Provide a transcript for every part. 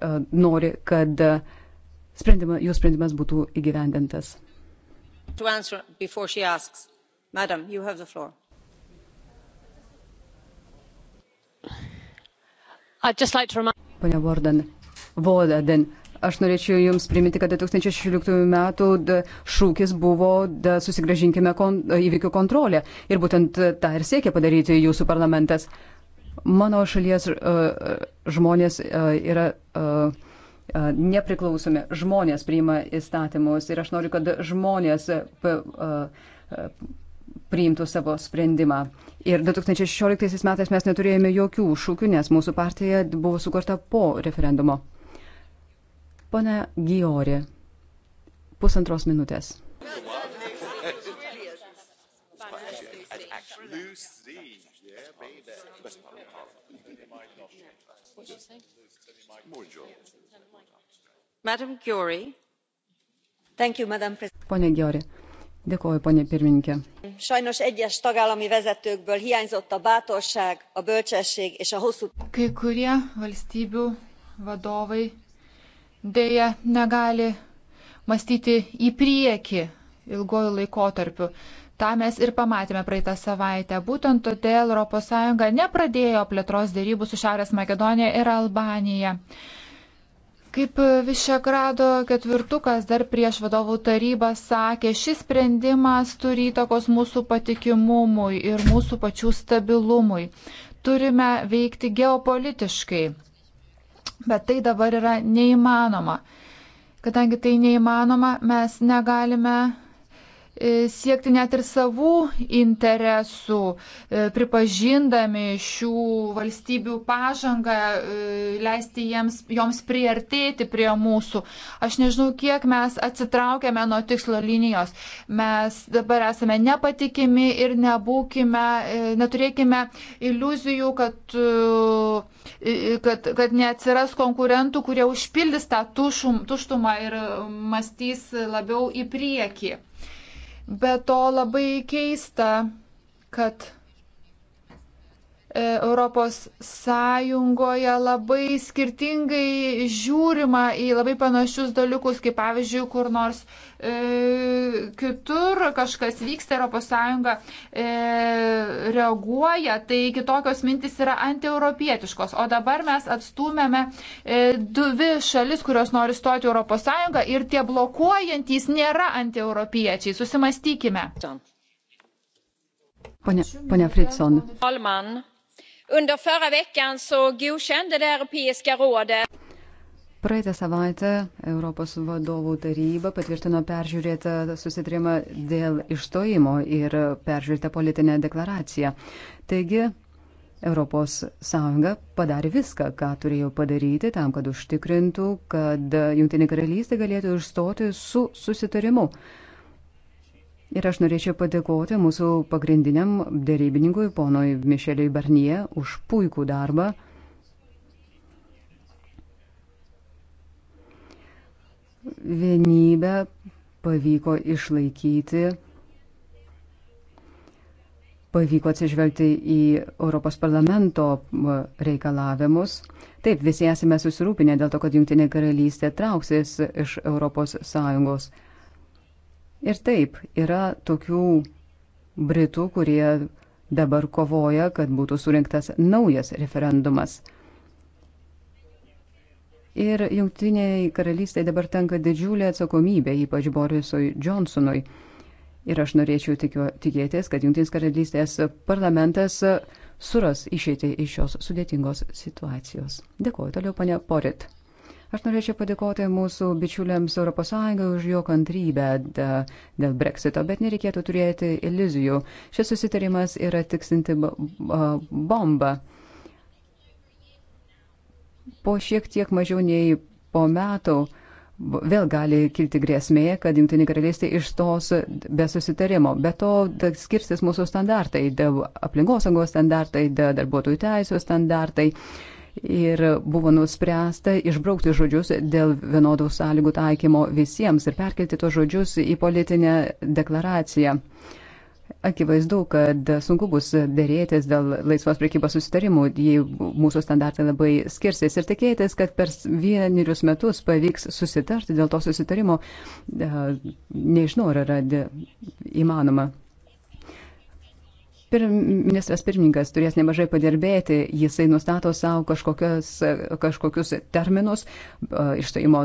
E, nori, kad sprendima, jų sprendimas būtų įgyvendintas. Madam, like Pane Vordan, Vodaden, aš norėčiau Jums priminti, kad 2016 metų šūkis buvo susigražinkime kon, įvykių kontrolę ir būtent tą ir siekia padaryti Jūsų parlamentas. Mano šalies e, e, žmonės e, yra nepriklausomi, žmonės priima įstatymus ir aš noriu, kad žmonės priimtų savo sprendimą. Ir 2016 metais mes neturėjome jokių šūkių, nes mūsų partija buvo sukurta po referendumo. Pone Giori, pusantros minutės. Yes, yes. Pone Giori, dėkoju, pone pirmininkė. Sajnos egyes tagállami vezetőkből hiányzott a bátorság, a bölcsesség és a hosszú. Kai kurie valstybių vadovai dėja negali mąstyti į priekį ilgojų laikotarpių. Ta mes ir pamatėme praeitą savaitę. Būtent todėl ES nepradėjo plėtros dėrybų su Šiaurės Makedonija ir Albanija. Kaip Višegrado ketvirtukas dar prieš vadovų tarybą sakė, šis sprendimas turi įtakos mūsų patikimumui ir mūsų pačių stabilumui. Turime veikti geopolitiškai, bet tai dabar yra neįmanoma. Kadangi tai neįmanoma, mes negalime E, siekti net ir savų interesų, e, pripažindami šių valstybių pažangą, e, leisti jiems, joms priartėti prie mūsų. Aš nežinau, kiek mes atsitraukėme nuo tikslo linijos. Mes dabar esame nepatikimi ir nebūkime, neturėkime iliuzijų, kad, kad, kad neatsiras konkurentų, kurie užpildys tą tušum, tuštumą ir mąstys labiau į priekį. Be to labai keista, kad E, Europos Sąjungoje labai skirtingai žiūrima į labai panašius dalykus, kaip pavyzdžiui, kur nors e, kitur kažkas vyksta, Europos Sąjunga e, reaguoja, tai kitokios mintis yra antieuropietiškos. O dabar mes atstumėme e, dvi šalis, kurios nori stoti Europos Sąjungą ir tie blokuojantys nėra antieuropiečiai. Susimastykime. Pone, pone Fritson. Alman. Under förra veckan så godkände det Europeiska rådet Praeitą savaitę Europos vadovų taryba patvirtino peržiūrėtą susitarimą dėl išstojimo ir peržiūrėtą politinę deklaraciją. Taigi, Europos Sąjunga padarė viską, ką turėjo padaryti tam, kad užtikrintų, kad Junktinė karalystė galėtų išstoti su susitarimu. Ir aš norėčiau padėkoti mūsų pagrindiniam dėrybininkui, ponoj Mišeliui Barnie, už puikų darbą. Vienybę pavyko išlaikyti, pavyko atsižvelgti į Europos parlamento reikalavimus. Taip, visi esame susirūpinę dėl to, kad Junktinė karalystė trauksis iš Europos Sąjungos. Ir taip, yra tokių Britų, kurie dabar kovoja, kad būtų surinktas naujas referendumas. Ir jungtiniai karalystiai dabar tenka didžiulė atsakomybė, ypač Borisui Johnsonui. Ir aš norėčiau tikio, tikėtis, kad jungtinės karalystės parlamentas suras išeitį iš šios sudėtingos situacijos. Dėkuoju toliau, ponia Porit. Aš norėčiau padėkoti mūsų bičiuliams ES už jo kantrybę dėl breksito, bet nereikėtų turėti iliuzijų. Šis susitarimas yra tiksinti bomba. Po šiek tiek mažiau nei po metų vėl gali kilti grėsmė, kad Junktinė karalystė išstos be susitarimo. Be to skirsis mūsų standartai, aplinkosaugos standartai, darbuotojų teisų standartai. Da, ir buvo nuspręsta išbraukti žodžius dėl vienodų sąlygų taikymo visiems ir perkelti tos žodžius į politinę deklaraciją. Akivaizdu, kad sunku bus dėrėtis dėl laisvos priekybos susitarimų, jei mūsų standartai labai skirsis ir tikėtis, kad per vienerius metus pavyks susitarti dėl to susitarimo, e, nežinau, ar yra įmanoma pirm, ministras pirmininkas turės nemažai padirbėti, jisai nustato savo kažkokios, kažkokius terminus, išstojimo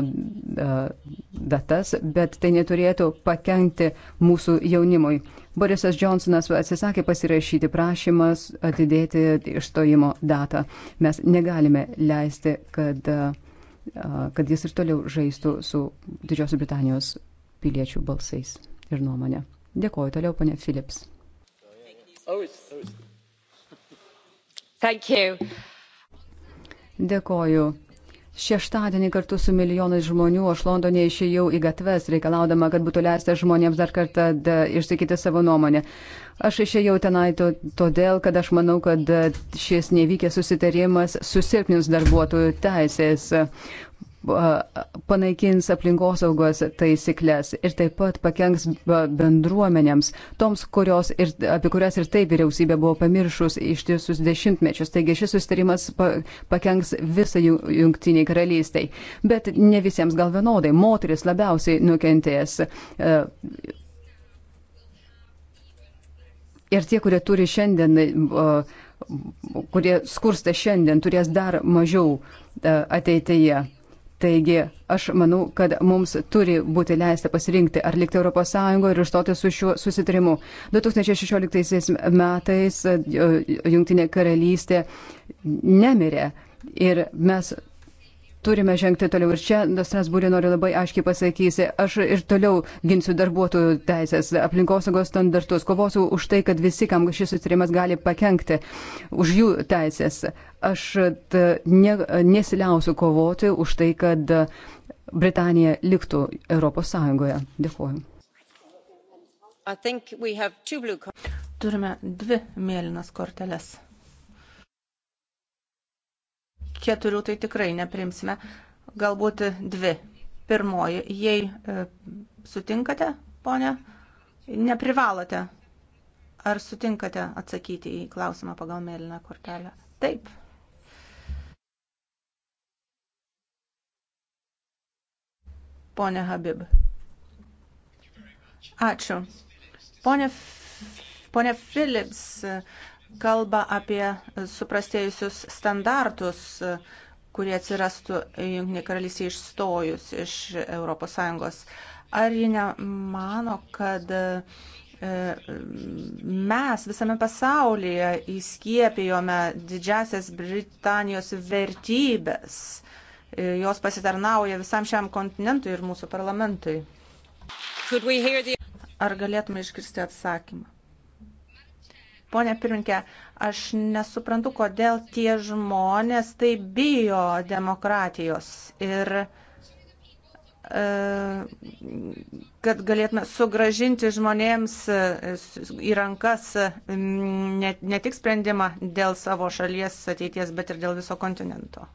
datas, bet tai neturėtų pakengti mūsų jaunimui. Borisas Johnsonas atsisakė pasirašyti prašymas atidėti išstojimo datą. Mes negalime leisti, kad, kad jis ir toliau žaistų su Didžiosios Britanijos piliečių balsais ir nuomonė. Dėkuoju toliau, ponė Philips. Dėkoju. Šeštadienį kartu su milijonais žmonių aš Londone išėjau į gatves, reikalaudama, kad būtų leista žmonėms dar kartą išsakyti savo nuomonę. Aš išėjau tenai to, todėl, kad aš manau, kad šis nevykęs susitarimas susilpnins darbuotojų teisės panaikins aplinkosaugos taisyklės ir taip pat pakenks bendruomenėms, toms, kurios ir, apie kurias ir taip vyriausybė buvo pamiršus ištisus dešimtmečius. Taigi šis sustarimas pakenks visai jungtiniai karalystiai. Bet ne visiems gal vienodai. Moteris labiausiai nukentės. Ir tie, kurie turi šiandien, kurie skursta šiandien, turės dar mažiau ateityje. Taigi, aš manau, kad mums turi būti leista pasirinkti ar likti ES ir išstoti su šiuo susitarimu. 2016 metais e, Junktinė karalystė nemirė ir mes turime žengti toliau. Ir čia Strasbūrė noriu labai aiškiai pasakysi, aš ir toliau ginsiu darbuotojų teisės, aplinkosaugos standartus, kovosiu už tai, kad visi, kam šis sutarimas gali pakengti, už jų teisės. Aš ne, nesiliausiu kovoti už tai, kad Britanija liktų Europos Sąjungoje. Dėkuoju. Turime dvi mėlynas korteles keturių tai tikrai neprimsime, galbūt dvi. Pirmoji, jei e, sutinkate, ponė, neprivalote, ar sutinkate atsakyti į klausimą pagal mėlyną kortelę? Taip. Pone Habib. Ačiū. Pone, Pone Philips, kalba apie suprastėjusius standartus, kurie atsirastų Junktinė karalystė išstojus iš ES. Ar ji nemano, kad e, mes visame pasaulyje įskiepijome didžiasias Britanijos vertybės? E, jos pasitarnauja visam šiam kontinentui ir mūsų parlamentui. Ar galėtume išgirsti atsakymą? Pone pirminkė, aš nesuprantu, kodėl tie žmonės tai bijo demokratijos ir e, kad galėtume sugražinti žmonėms e, į rankas ne, ne tik sprendimą dėl savo šalies ateities, bet ir dėl viso kontinento.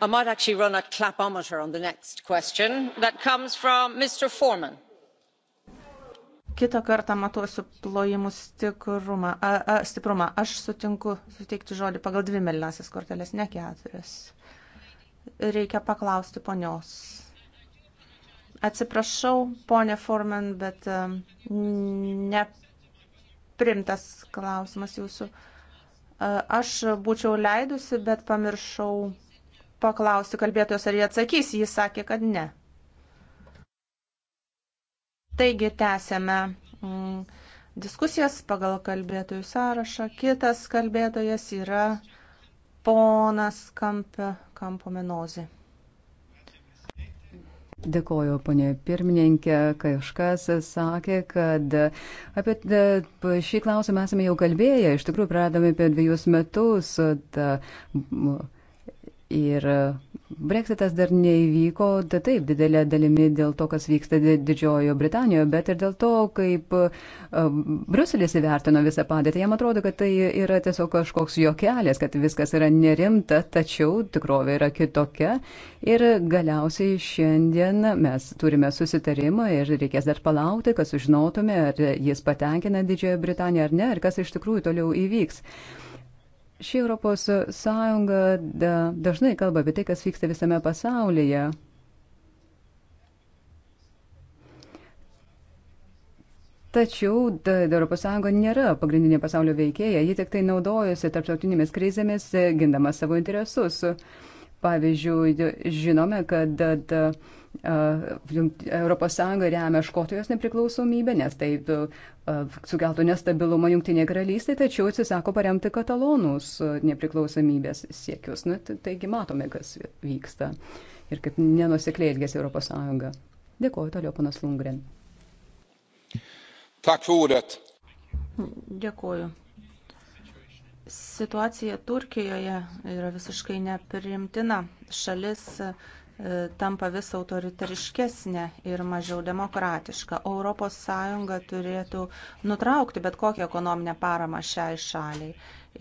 I might actually run a clapometer on the next question that comes from Mr. Foreman Kita kartą matuosiu plojimų stikrumą, a, a, stiprumą. Aš sutinku suteikti žodį pagal dvi melinasias kortelės, ne keturias. Reikia paklausti ponios. Atsiprašau, ponė Forman, bet e, neprimtas klausimas jūsų. E, aš būčiau leidusi, bet pamiršau paklausti kalbėtojos, ar jie atsakys. Jis sakė, kad ne. Taigi tęsėme mm, diskusijas pagal kalbėtojų sąrašą. Kitas kalbėtojas yra ponas Kampe, Kampo Menozi. Dėkoju, ponė pirmininkė. Kažkas sakė, kad apie šį klausimą esame jau kalbėję. Iš tikrųjų, pradame apie dviejus metus. Ta, Ir e, breksitas dar neįvyko, tai taip, didelė dalimi dėl to, kas vyksta Didžiojo Britanijoje, bet ir dėl to, kaip e, Bruselis įvertino visą padėtį. Jam atrodo, kad tai yra tiesiog kažkoks jokelės, kad viskas yra nerimta, tačiau tikrovė yra kitokia. Ir galiausiai šiandien mes turime susitarimą ir reikės dar palaukti, kad sužinotume, ar jis patenkina Didžiojo Britaniją ar ne, ir kas iš tikrųjų toliau įvyks. Ši Europos Sąjunga da, dažnai kalba apie tai, kas vyksta visame pasaulyje. Tačiau da, Europos Sąjunga nėra pagrindinė pasaulio veikėja, ji tik tai naudojasi tarptautinėmis krizėmis, gindama savo interesus. Uh, Pavyzdžiui, žinome, kad ES remia Škotijos nepriklausomybę, nes tai sukeltų nestabilumą Junktinėje karalystėje, tačiau atsisako paremti katalonus nepriklausomybės siekius. Na, nu, taigi matome, kas vyksta ir kaip nenusekliai elgėsi ES. Dėkuoju toliau, panas Lungren. Dėkuoju. Situacija Turkijoje yra visiškai neprimtina. Šalis e, tampa vis autoritariškesnė ir mažiau demokratiška. ES turėtų nutraukti bet kokią ekonominę paramą šiai šaliai.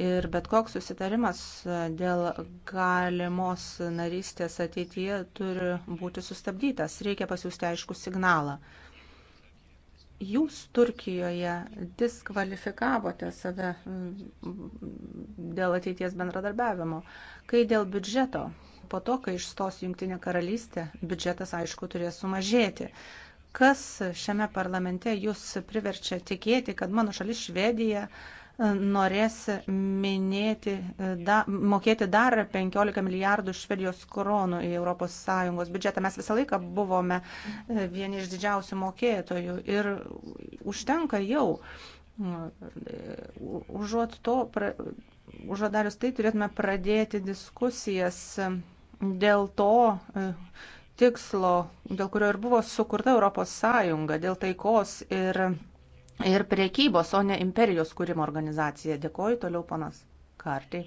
Ir bet koks susitarimas e, dėl galimos narystės ateityje turi būti sustabdytas. Reikia pasiūsti aišku signalą. Jūs Turkijoje diskvalifikavote save mm, dėl ateities bendradarbiavimo. Kai dėl biudžeto, po to, kai išstos Junktinė karalystė, biudžetas aišku turės sumažėti. Kas šiame parlamente jūs priverčia tikėti, kad mano šalis Švedija uh, norės minėti, e, da, mokėti dar 15 milijardų švedijos kronų į ES biudžetą. Mes visą laiką buvome e, vieni iš didžiausių mokėtojų ir užtenka jau. E, užuot to, pra, užuot darius tai, turėtume pradėti diskusijas dėl to, tikslo, dėl kurio ir buvo sukurta Europos Sąjunga, dėl taikos ir ir priekybos, o ne imperijos kūrimo organizacija. Dėkoju toliau, panas Kartai.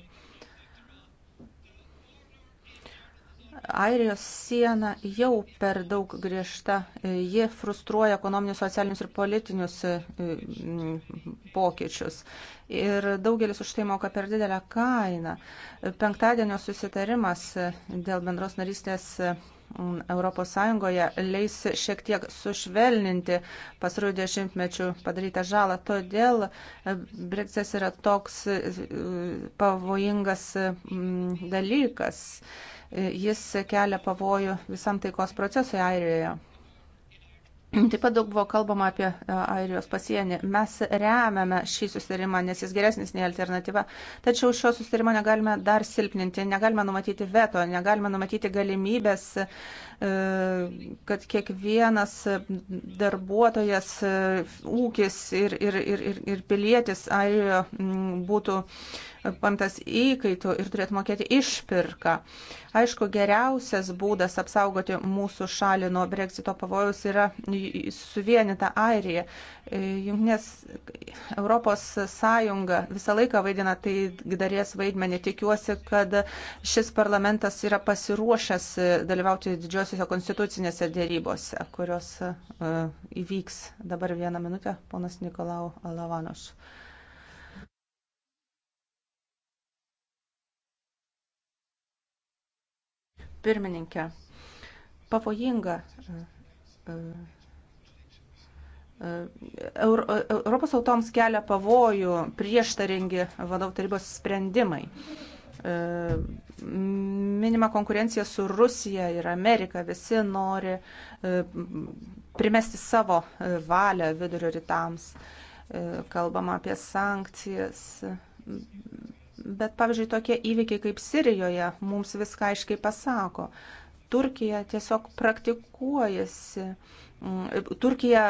Airijos siena jau per daug griežta. Ji frustruoja ekonominius, socialinius ir politinius mm, pokyčius. Ir daugelis už tai moka per didelę kainą. Penktadienio susitarimas dėl bendros narystės ES leis šiek tiek sušvelninti pasarųjų dešimtmečių padarytą žalą. Todėl e, Brexitas yra toks e, pavojingas dalykas. E, jis kelia pavojų visam taikos procesui Airijoje. Taip pat daug buvo kalbama apie e, Airijos pasienį. Mes remiame šį susitarimą, nes jis geresnis nei alternatyva. Tačiau šio susitarimo negalime dar silpninti, negalime numatyti veto, negalime numatyti galimybės, e, kad kiekvienas darbuotojas, e, ūkis ir, ir, ir, ir pilietis Airijoje būtų pamtas įkaitų ir turėtų mokėti išpirką. Aišku, geriausias būdas apsaugoti mūsų šalį nuo breksito pavojaus yra suvienyta Airija. E, Junknės Europos Sąjunga visą laiką vaidina tai darės vaidmenį. Tikiuosi, kad šis parlamentas yra pasiruošęs dalyvauti didžiosiuose konstitucinėse dėrybose, kurios uh, įvyks dabar vieną minutę, ponas Nikolau Alavanoš. Uh, pirmininkė. Pavojinga. E, e, e, Europos automs kelia pavojų prieštaringi vadovų tarybos sprendimai. Minima konkurencija su Rusija ir Amerika, visi nori primesti savo valią vidurio rytams. Kalbama apie sankcijas, Bet, pavyzdžiui, tokie įvykiai kaip Sirijoje mums viską aiškiai pasako. Turkija tiesiog praktikuojasi. Mm, Turkija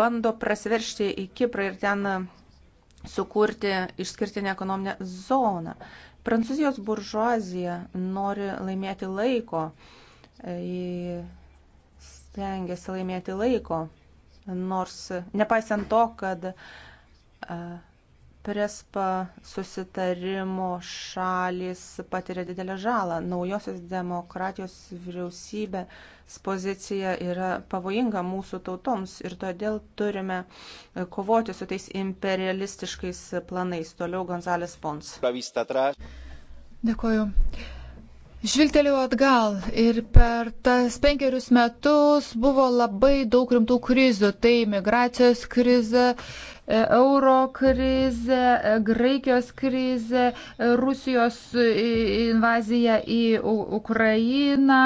bando prasiveršti į Kiprą ir ten sukurti išskirtinę ekonominę zoną. Prancūzijos buržuazija nori laimėti laiko, stengiasi laimėti laiko, nors nepaisant to, kad Prespa susitarimo šalis patiria didelę žalą. Naujosios demokratijos vyriausybės pozicija yra pavojinga mūsų tautoms ir todėl turime e, kovoti su tais imperialistiškais planais. Toliau Gonzales Pons. Dėkuoju. Žvilgtelėjau atgal ir per tas penkerius metus buvo labai daug rimtų krizių. Tai migracijos krize, euro krize, Graikijos krize, Rusijos e, invazija į Ukrainą.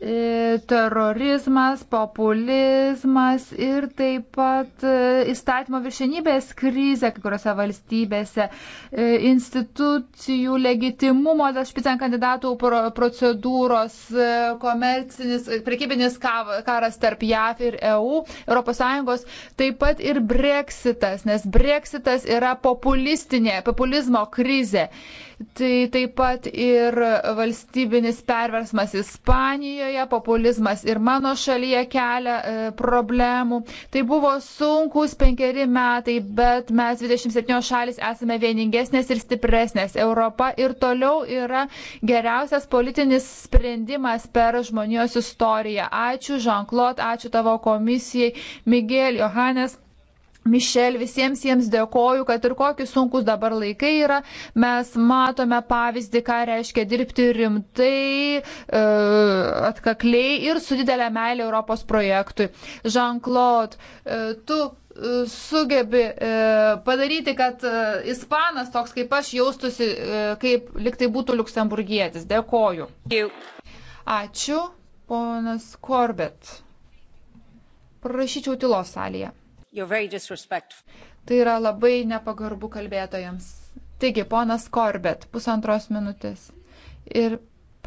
E, terorizmas, populizmas ir taip pat e, įstatymo viršenybės krizė kai kuriuose valstybėse, e, institucijų legitimumo dėl špicen kandidatų procedūros, komercinis, prekybinis karas tarp JAF ir EU, ES, taip pat ir Brexitas, nes Brexitas yra populistinė, populizmo krizė. Tai taip pat ir valstybinis perversmas Ispanijoje, populizmas ir mano šalyje kelia e, problemų. Tai buvo sunkus penkeri metai, bet mes 27 šalis esame vieningesnės ir stipresnės. Europa ir toliau yra geriausias politinis sprendimas per žmonijos istoriją. Ačiū Jean-Claude, ačiū tavo komisijai, Miguel Johannes. Mišel, visiems jiems dėkoju, kad ir kokius sunkus dabar laikai yra, mes matome pavyzdį, ką reiškia dirbti rimtai, e, atkakliai ir su didelė meilė Europos projektui. Jean-Claude, e, tu e, sugebi padaryti, kad ispanas toks kaip aš jaustusi, kaip liktai būtų luksemburgietis. Dėkoju. Ačiū, ponas Korbet. Prašyčiau tylos salėje. Tai yra labai nepagarbu kalbėtojams. Taigi, ponas Korbet, pusantros minutės. Ir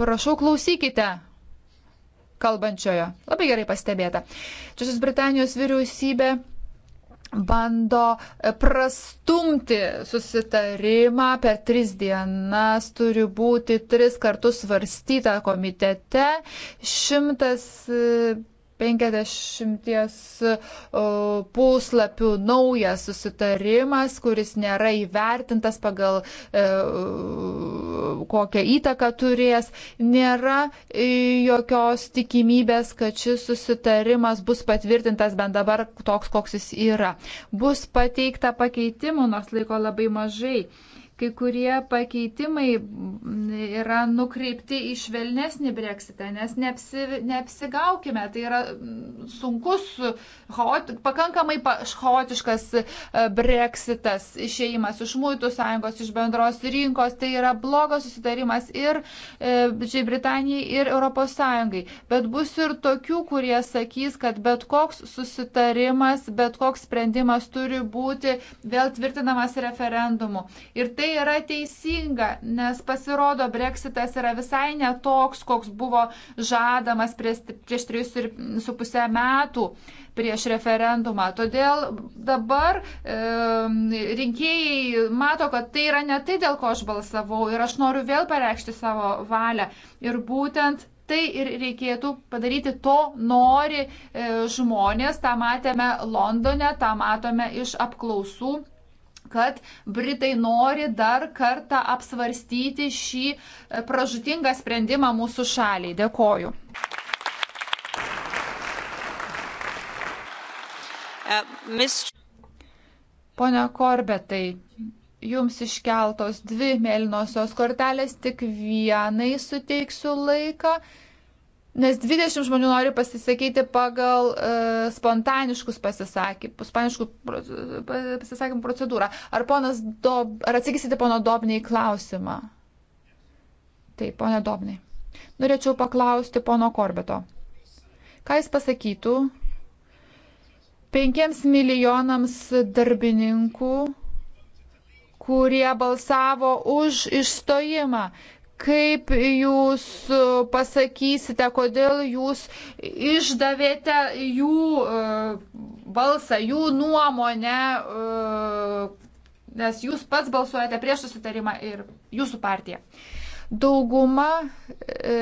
prašau, klausykite kalbančiojo. Labai gerai pastebėta. Čiosios Britanijos vyriausybė bando e, prastumti susitarimą per tris dienas, turi būti tris kartus svarstyta komitete. Šimtas. 100 e, 50 puslapių naujas susitarimas, kuris nėra įvertintas pagal e, kokią įtaką turės. Nėra e, jokios tikimybės, kad šis susitarimas bus patvirtintas bent dabar toks, koks jis yra. Bus pateikta pakeitimų, nors laiko labai mažai. Kai kurie pakeitimai yra nukreipti į švelnesnį breksitą, nes neapsi, neapsigaukime, tai yra mm, sunkus, chaot, pakankamai chaotiškas e, breksitas, išeimas iš Mūtų sąjungos, iš bendros rinkos, tai yra blogas susitarimas ir e, Didžiai Britanijai, ir Europos Sąjungai. Bet bus ir tokių, kurie sakys, kad bet koks susitarimas, bet koks sprendimas turi būti vėl tvirtinamas referendumu. Ir tai tai yra teisinga, nes pasirodo, breksitas yra visai netoks, koks buvo žadamas prieš, prieš 3,5 metų prieš referendumą. Todėl dabar e, rinkėjai mato, kad tai yra ne tai, dėl ko aš balsavau ir aš noriu vėl pareikšti savo valią. Ir būtent tai ir reikėtų padaryti, to nori e, žmonės, tą matėme Londone, tą matome iš apklausų kad Britai nori dar kartą apsvarstyti šį e, pražutingą sprendimą mūsų šaliai. Dėkoju. Uh, Pone Korbetai, jums iškeltos dvi mėlynosios kortelės, tik vienai suteiksiu laiką. Nes 20 žmonių nori pasisakyti pagal e, spontaniškus pasisakymus, pasisakymų procedūrą. Ar, Dob, ar atsakysite pono Dobniai klausimą? Taip, pone Dobniai. Norėčiau paklausti pono Korbeto. Ką jis pasakytų penkiems milijonams darbininkų, kurie balsavo už išstojimą, kaip jūs e, pasakysite, kodėl jūs išdavėte jų e, balsą, jų nuomonę, e, nes jūs pats balsuojate prieš susitarimą ir jūsų partija. Dauguma e,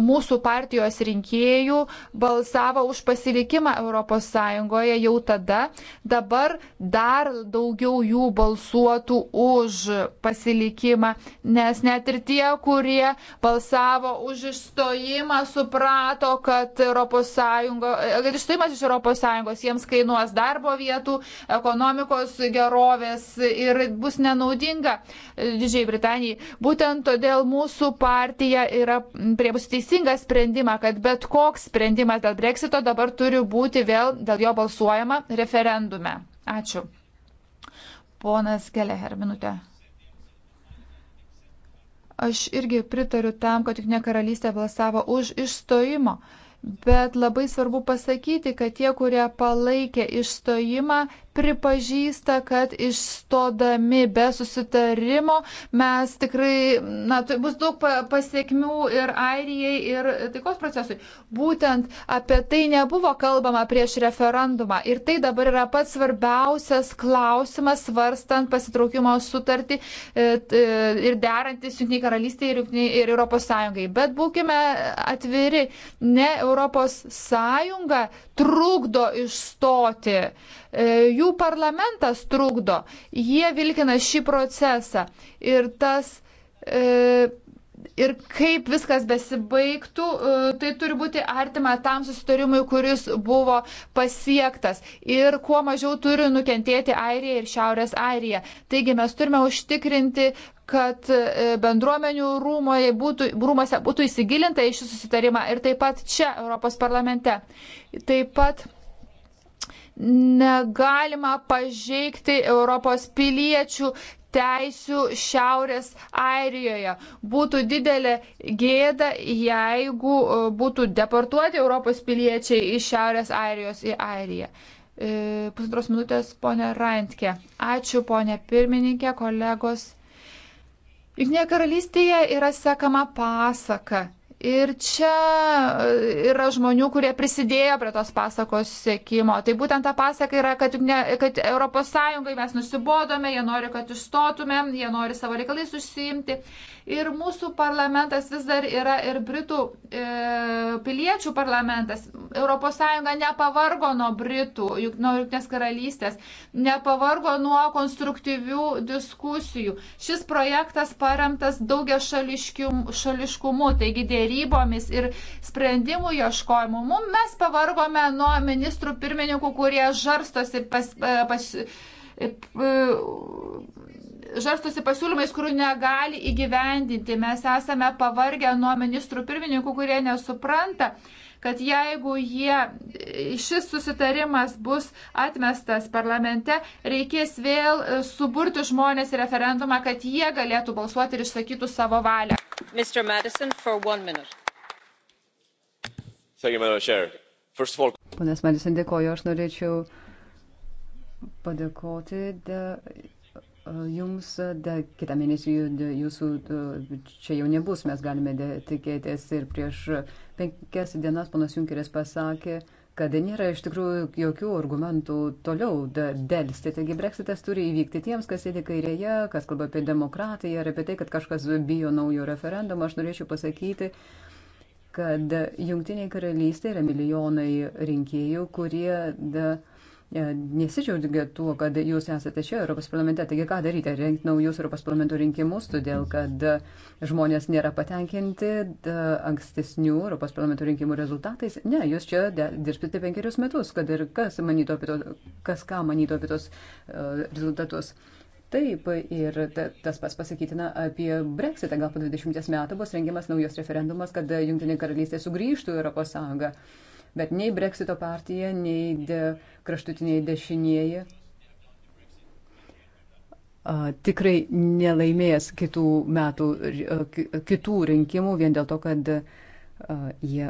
mūsų partijos rinkėjų balsavo už pasilikimą ES jau tada, dabar dar daugiau jų balsuotų už pasilikimą, nes net ir tie, kurie balsavo už išstojimą, suprato, kad, ES, kad išstojimas iš ES jiems kainuos darbo vietų, ekonomikos gerovės ir bus nenaudinga Didžiai Britanijai. Būtent todėl mūsų mūsų partija yra prieimus teisingą sprendimą, kad bet koks sprendimas dėl breksito dabar turi būti vėl dėl jo balsuojama referendume. Ačiū. Ponas Geleher, minutė. Aš irgi pritariu tam, kad Junktinė karalystė balsavo už išstojimo. Bet labai svarbu pasakyti, kad tie, kurie palaikė išstojimą, pripažįsta, kad išstodami be susitarimo mes tikrai, na, tai bus daug pasiekmių ir Airijai, ir taikos procesui. Būtent apie tai nebuvo kalbama prieš referendumą. Ir tai dabar yra pats svarbiausias klausimas, svarstant pasitraukimo sutartį e, e, ir derantis Junktiniai karalystiai ir, ir Europos Sąjungai. Bet būkime atviri, ne Europos Sąjunga trukdo išstoti, e, jų parlamentas trukdo, jie vilkina šį procesą ir tas e, ir kaip viskas besibaigtų, e, tai turi būti artima tam susitarimui, kuris buvo pasiektas. Ir kuo mažiau turi nukentėti Airija ir Šiaurės Airija. Taigi mes turime užtikrinti, kad e, bendruomenių būtų, rūmose būtų įsigilinta į šį susitarimą ir taip pat čia Europos parlamente. Taip pat negalima pažeikti Europos piliečių teisių Šiaurės Airijoje. Būtų didelė gėda, jeigu e, būtų deportuoti Europos piliečiai iš Šiaurės Airijos į Airiją. E, pusantros minutės, ponė Rantke. Ačiū, ponė pirmininkė, kolegos. Juk ne karalystėje yra sekama pasaka. Ir čia e, yra žmonių, kurie prisidėjo prie tos pasakos sėkimo. Tai būtent ta pasaka yra, kad, ne, kad ES mes nusibodome, jie nori, kad išstotumėm, jie nori savo reikalais užsiimti. Ir mūsų parlamentas vis dar yra ir Britų e, piliečių parlamentas. ES nepavargo nuo Britų, juk nuo Junktinės karalystės, nepavargo nuo konstruktyvių diskusijų. Šis projektas paremtas daugia šališkumu, taigi dėrybomis ir sprendimų ieškojimu. Mum mes pavargome nuo ministrų pirmininkų, kurie žarstos ir pas, e, pas, e, pas žarstosi pasiūlymais, kurių negali įgyvendinti. Mes esame pavargę nuo ministrų pirmininkų, kurie nesupranta, kad jeigu jie, šis susitarimas bus atmestas parlamente, reikės vėl suburti žmonės į referendumą, kad jie galėtų balsuoti ir išsakytų savo valią. Madison, you, all... Ponas Madison, dėkoju, aš norėčiau padėkoti. De Jums da, kitą mėnesį jūsų čia jau nebus, mes galime de, tikėtis ir prieš penkias dienas panas Junkeris pasakė, kad nėra iš tikrųjų jokių argumentų toliau dėlsti. Taigi breksitas turi įvykti tiems, kas sėdi kairėje, kas kalba apie demokratiją ir apie tai, kad kažkas bijo naujo referendumo. Aš norėčiau pasakyti, kad jungtiniai karalystė yra milijonai rinkėjų, kurie da, E, nesidžiaugia tuo, kad jūs esate čia Europos parlamente. Taigi ką daryti? Rengti naujus Europos parlamento rinkimus, todėl kad žmonės nėra patenkinti e, ankstesnių Europos parlamento rinkimų rezultatais. Ne, jūs čia dirbsite penkerius metus, kad ir kas, manyto apie to, kas ką manytų apie tos uh, rezultatus. Taip, ir tas pats pasakytina apie Brexitą. Gal po 20 metų bus rengiamas naujas referendumas, kad Junktinė karalystė sugrįžtų į Europos Sąjungą. Uh, Bet nei Brexito partija, nei de, kraštutiniai dešinieji tikrai nelaimės kitų metų, kitų rinkimų vien dėl to, kad jie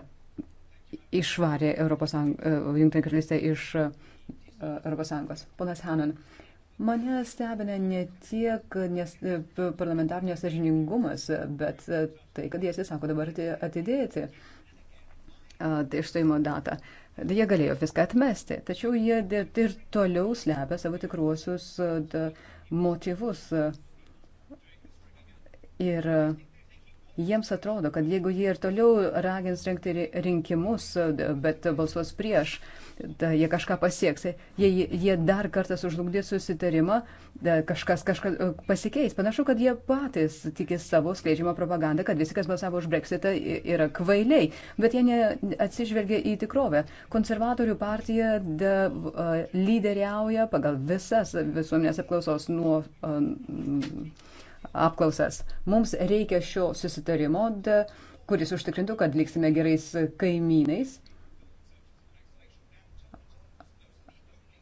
išvarė Junktinę karalystę iš ES. Ponas Hanan, mane stebina ne tiek nes, parlamentarnės sažiningumas, bet tai, kad jie atsisako dabar atidėti išstojimo tai datą. Jie galėjo viską atmesti, tačiau jie ir toliau slepia savo tikruosius motyvus. Ir jiems atrodo, kad jeigu jie ir toliau ragins rengti rinkimus, bet balsuos prieš, da, jie kažką pasieks, jei jie dar kartą sužlugdys susitarimą, da, kažkas kažką e, pasikeis. Panašu, kad jie patys tiki savo skleidžiamą propagandą, kad visi, kas balsavo už breksitą, yra kvailiai, bet jie neatsižvelgia į tikrovę. Konservatorių partija da, lyderiauja pagal visas visuomenės apklausos nuo. Um, apklausas. Mums reikia šio susitarimo, da, kuris užtikrintų, kad liksime gerais kaimynais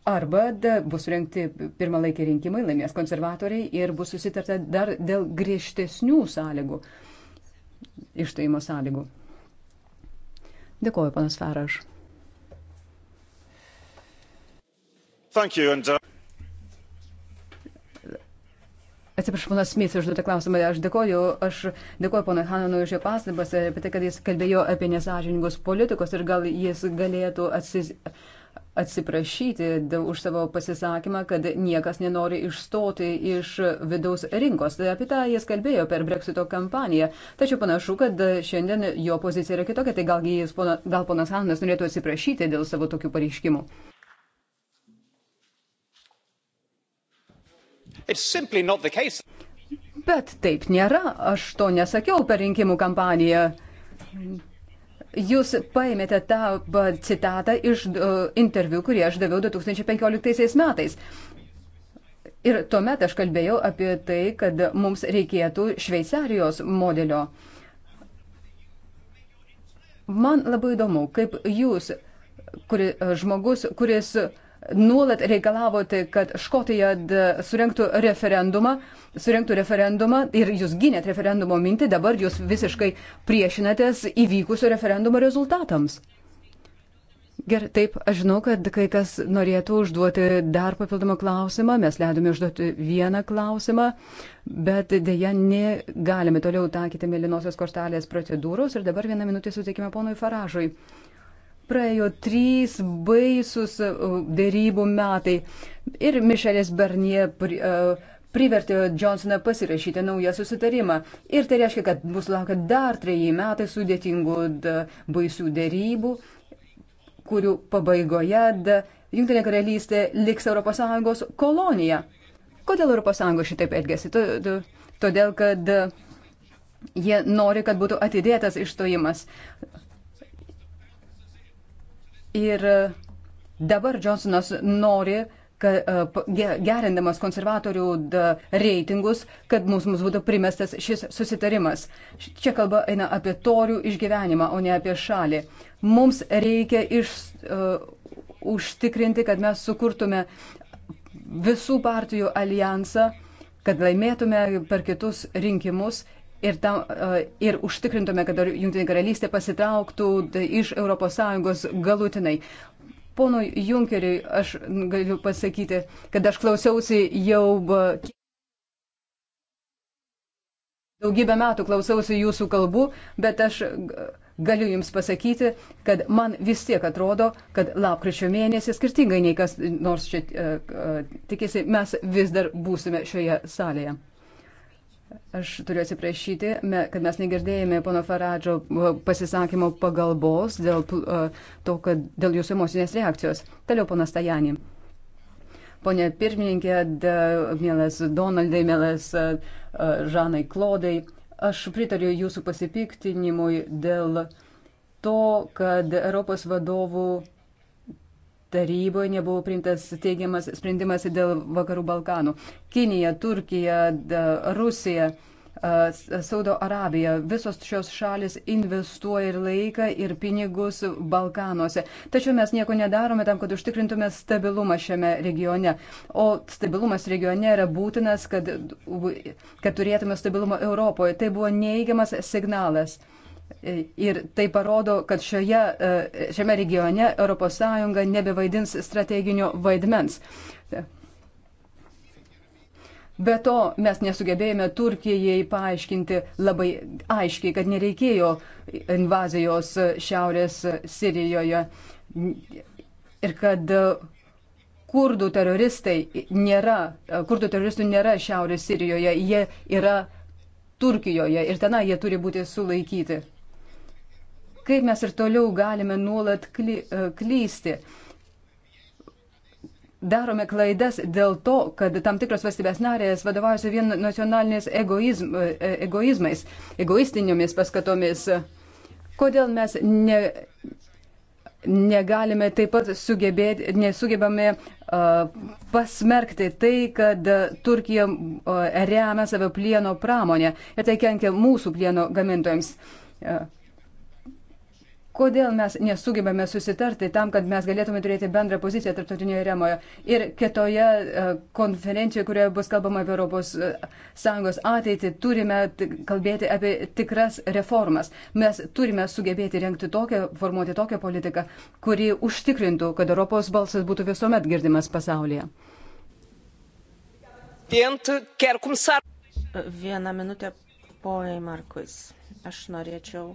Arba da, bus rengti pirmalaikiai rinkimai, laimės konservatoriai ir bus susitarta dar dėl griežtesnių sąlygų, išstojimo sąlygų. Dėkuoju, panas Faraž. And... Uh, Atsiprašau, ponas Smith, užduotą klausimą. Aš dėkoju, aš dėkoju ponui Hananui už jo pastabas apie tai, kad jis kalbėjo apie nesažiningus politikus ir gal jis galėtų atsis, atsiprašyti už savo pasisakymą, kad niekas nenori išstoti iš vidaus rinkos. Tai apie tą jis kalbėjo per Brexito kampaniją. Tačiau panašu, kad šiandien jo pozicija yra kitokia. Tai gal, jis, gal ponas Hanas norėtų atsiprašyti dėl savo tokių pareiškimų. Bet taip nėra, aš to nesakiau per rinkimų kampaniją. Jūs paėmėte tą citatą iš e, interviu, kurį aš daviau 2015 metais. Ir tuomet aš kalbėjau apie tai, kad mums reikėtų Šveicarijos modelio. Man labai įdomu, kaip jūs, kuri, žmogus, kuris uh, nuolat reikalavote, kad Škotija surinktų referendumą, surinktų referendumą ir jūs gynėt referendumo mintį, dabar jūs visiškai priešinatės įvykusio referendumo rezultatams. Gerai, taip, aš žinau, kad kai kas norėtų užduoti dar papildomą klausimą, mes leidome užduoti vieną klausimą, bet dėja negalime toliau takyti mėlynosios kortelės procedūros ir dabar vieną minutę suteikime ponui Faražui praėjo trys baisus e, dėrybų metai ir Mišelės Bernie e, privertė Johnsoną pasirašyti naują susitarimą. Ir tai reiškia, kad bus laukia dar treji metai sudėtingų baisių dėrybų, kurių pabaigoje Junktinė karalystė liks ES kolonija. Kodėl ES šitaip elgesi? Todėl, kad e, jie nori, kad būtų atidėtas išstojimas. Ir e, dabar Johnsonas nori, kad, e, gerindamas konservatorių reitingus, kad mums, mums būtų primestas šis susitarimas. Čia kalba eina apie torių išgyvenimą, o ne apie šalį. Mums reikia iš, uh, užtikrinti, kad mes sukurtume visų partijų alijansą, kad laimėtume per kitus rinkimus ir, tam, e, ir užtikrintume, kad Junktinė karalystė pasitrauktų iš ES galutinai. Pono Junkeriui aš galiu pasakyti, kad aš klausiausi jau. Daugybę metų klausiausi jūsų kalbų, bet aš galiu Jums pasakyti, kad man vis tiek atrodo, kad lapkričio mėnesį, skirtingai nei kas nors čia uh, e, uh, e, tikėsi, mes vis dar būsime šioje salėje. Aš turiu atsiprašyti, kad mes negirdėjome pono Faradžo e, pasisakymo pagalbos dėl e, to, kad dėl jūsų emocinės reakcijos. Toliau ponas Tajani. Pone pirmininkė, mielas Donaldai, mielas e, Žanai Klodai, aš pritariu jūsų pasipiktinimui dėl to, kad Europos vadovų taryboje nebuvo priimtas teigiamas sprendimas dėl Vakarų Balkanų. Kinija, Turkija, Rusija. Saudo Arabija, visos šios šalis investuoja ir laiką, ir pinigus Balkanuose. Tačiau mes nieko nedarome tam, kad užtikrintume stabilumą šiame regione. O stabilumas regione yra būtinas, kad, kad turėtume stabilumą Europoje. Tai buvo neįgiamas signalas. Ir tai parodo, kad šioje, e, šiame regione ES nebevaidins strateginio vaidmens. Be to, mes nesugebėjome Turkijai paaiškinti labai aiškiai, kad nereikėjo invazijos šiaurės Sirijoje ir kad kurdų teroristai nėra, kurdų teroristų nėra šiaurės Sirijoje, jie yra Turkijoje ir tenai jie turi būti sulaikyti. Kaip mes ir toliau galime nuolat kly, e, klysti? Darome klaidas dėl to, kad tam tikros valstybės narės vadovaujasi vien nacionaliniais egoizm, e, e, egoizmais, egoistinėmis paskatomis. Kodėl mes ne, negalime taip pat sugebėti, nesugebame uh, pasmerkti tai, kad Turkija uh, remia save plieno pramonę ir tai kenkia mūsų plieno gamintojams. Uh, Kodėl mes nesugebame susitarti tam, kad mes galėtume turėti bendrą poziciją tarptautinėje remoje ir kitoje e, konferencijoje, kurioje bus kalbama apie Europos e, Sąjungos ateitį, turime kalbėti apie tikras reformas. Mes turime sugebėti renkti tokią, formuoti tokią politiką, kuri užtikrintų, kad Europos balsas būtų visuomet girdimas pasaulyje. Vieną minutę, poniai Markus. Aš norėčiau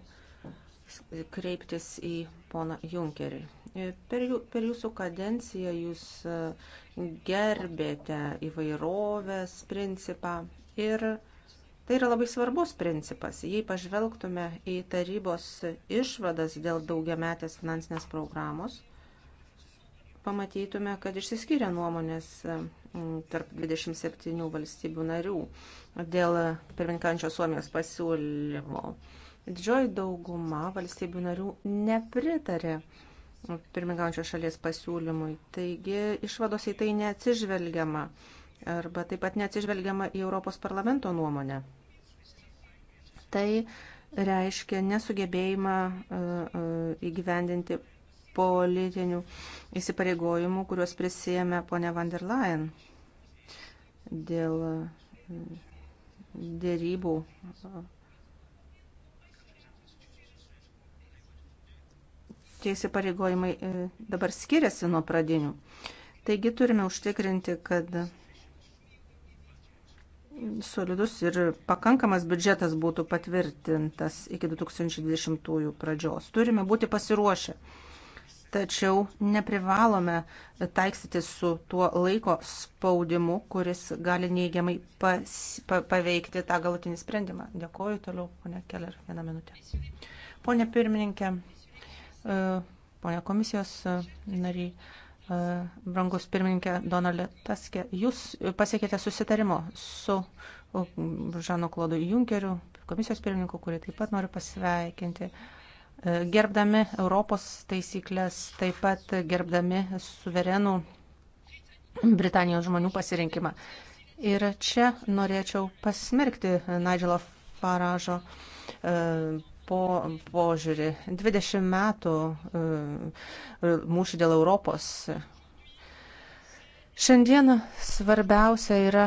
kreiptis į poną Junkerį. Per, jų, per jūsų kadenciją jūs e, gerbėte įvairovės principą ir tai yra labai svarbus principas. Jei pažvelgtume į tarybos išvadas dėl daugiametės finansinės programos, pamatytume, kad išsiskiria nuomonės e, tarp 27 valstybių narių dėl pirminkančio Suomijos pasiūlymo. Didžioji dauguma valstybių narių nepritarė pirmingaujančios šalies pasiūlymui. Taigi išvadose į tai neatsižvelgiama arba taip pat neatsižvelgiama į Europos parlamento nuomonę. Tai reiškia nesugebėjimą e, e, įgyvendinti politinių įsipareigojimų, kuriuos prisijėmė ponia van der Leyen dėl e, dėrybų tie įsipareigojimai e, dabar skiriasi nuo pradinių. Taigi turime užtikrinti, kad solidus ir pakankamas biudžetas būtų patvirtintas iki 2020 pradžios. Turime būti pasiruošę. Tačiau neprivalome taiksyti su tuo laiko spaudimu, kuris gali neigiamai pas, pa, paveikti tą galutinį sprendimą. Dėkoju toliau, ponia Keller, vieną minutę. Pone pirmininkė, ponia komisijos e, nariai, e, brangus pirmininkė Donalė Taskė, jūs pasiekėte susitarimo su Žanu Klodu Junkeriu, komisijos pirmininku, kurį taip pat noriu pasveikinti. E, gerbdami Europos taisyklės, taip pat gerbdami suverenų Britanijos žmonių pasirinkimą. Ir čia norėčiau pasmerkti Nigelo Faražo po, požiūrį. 20 metų e, mūšį dėl Europos. Šiandien svarbiausia yra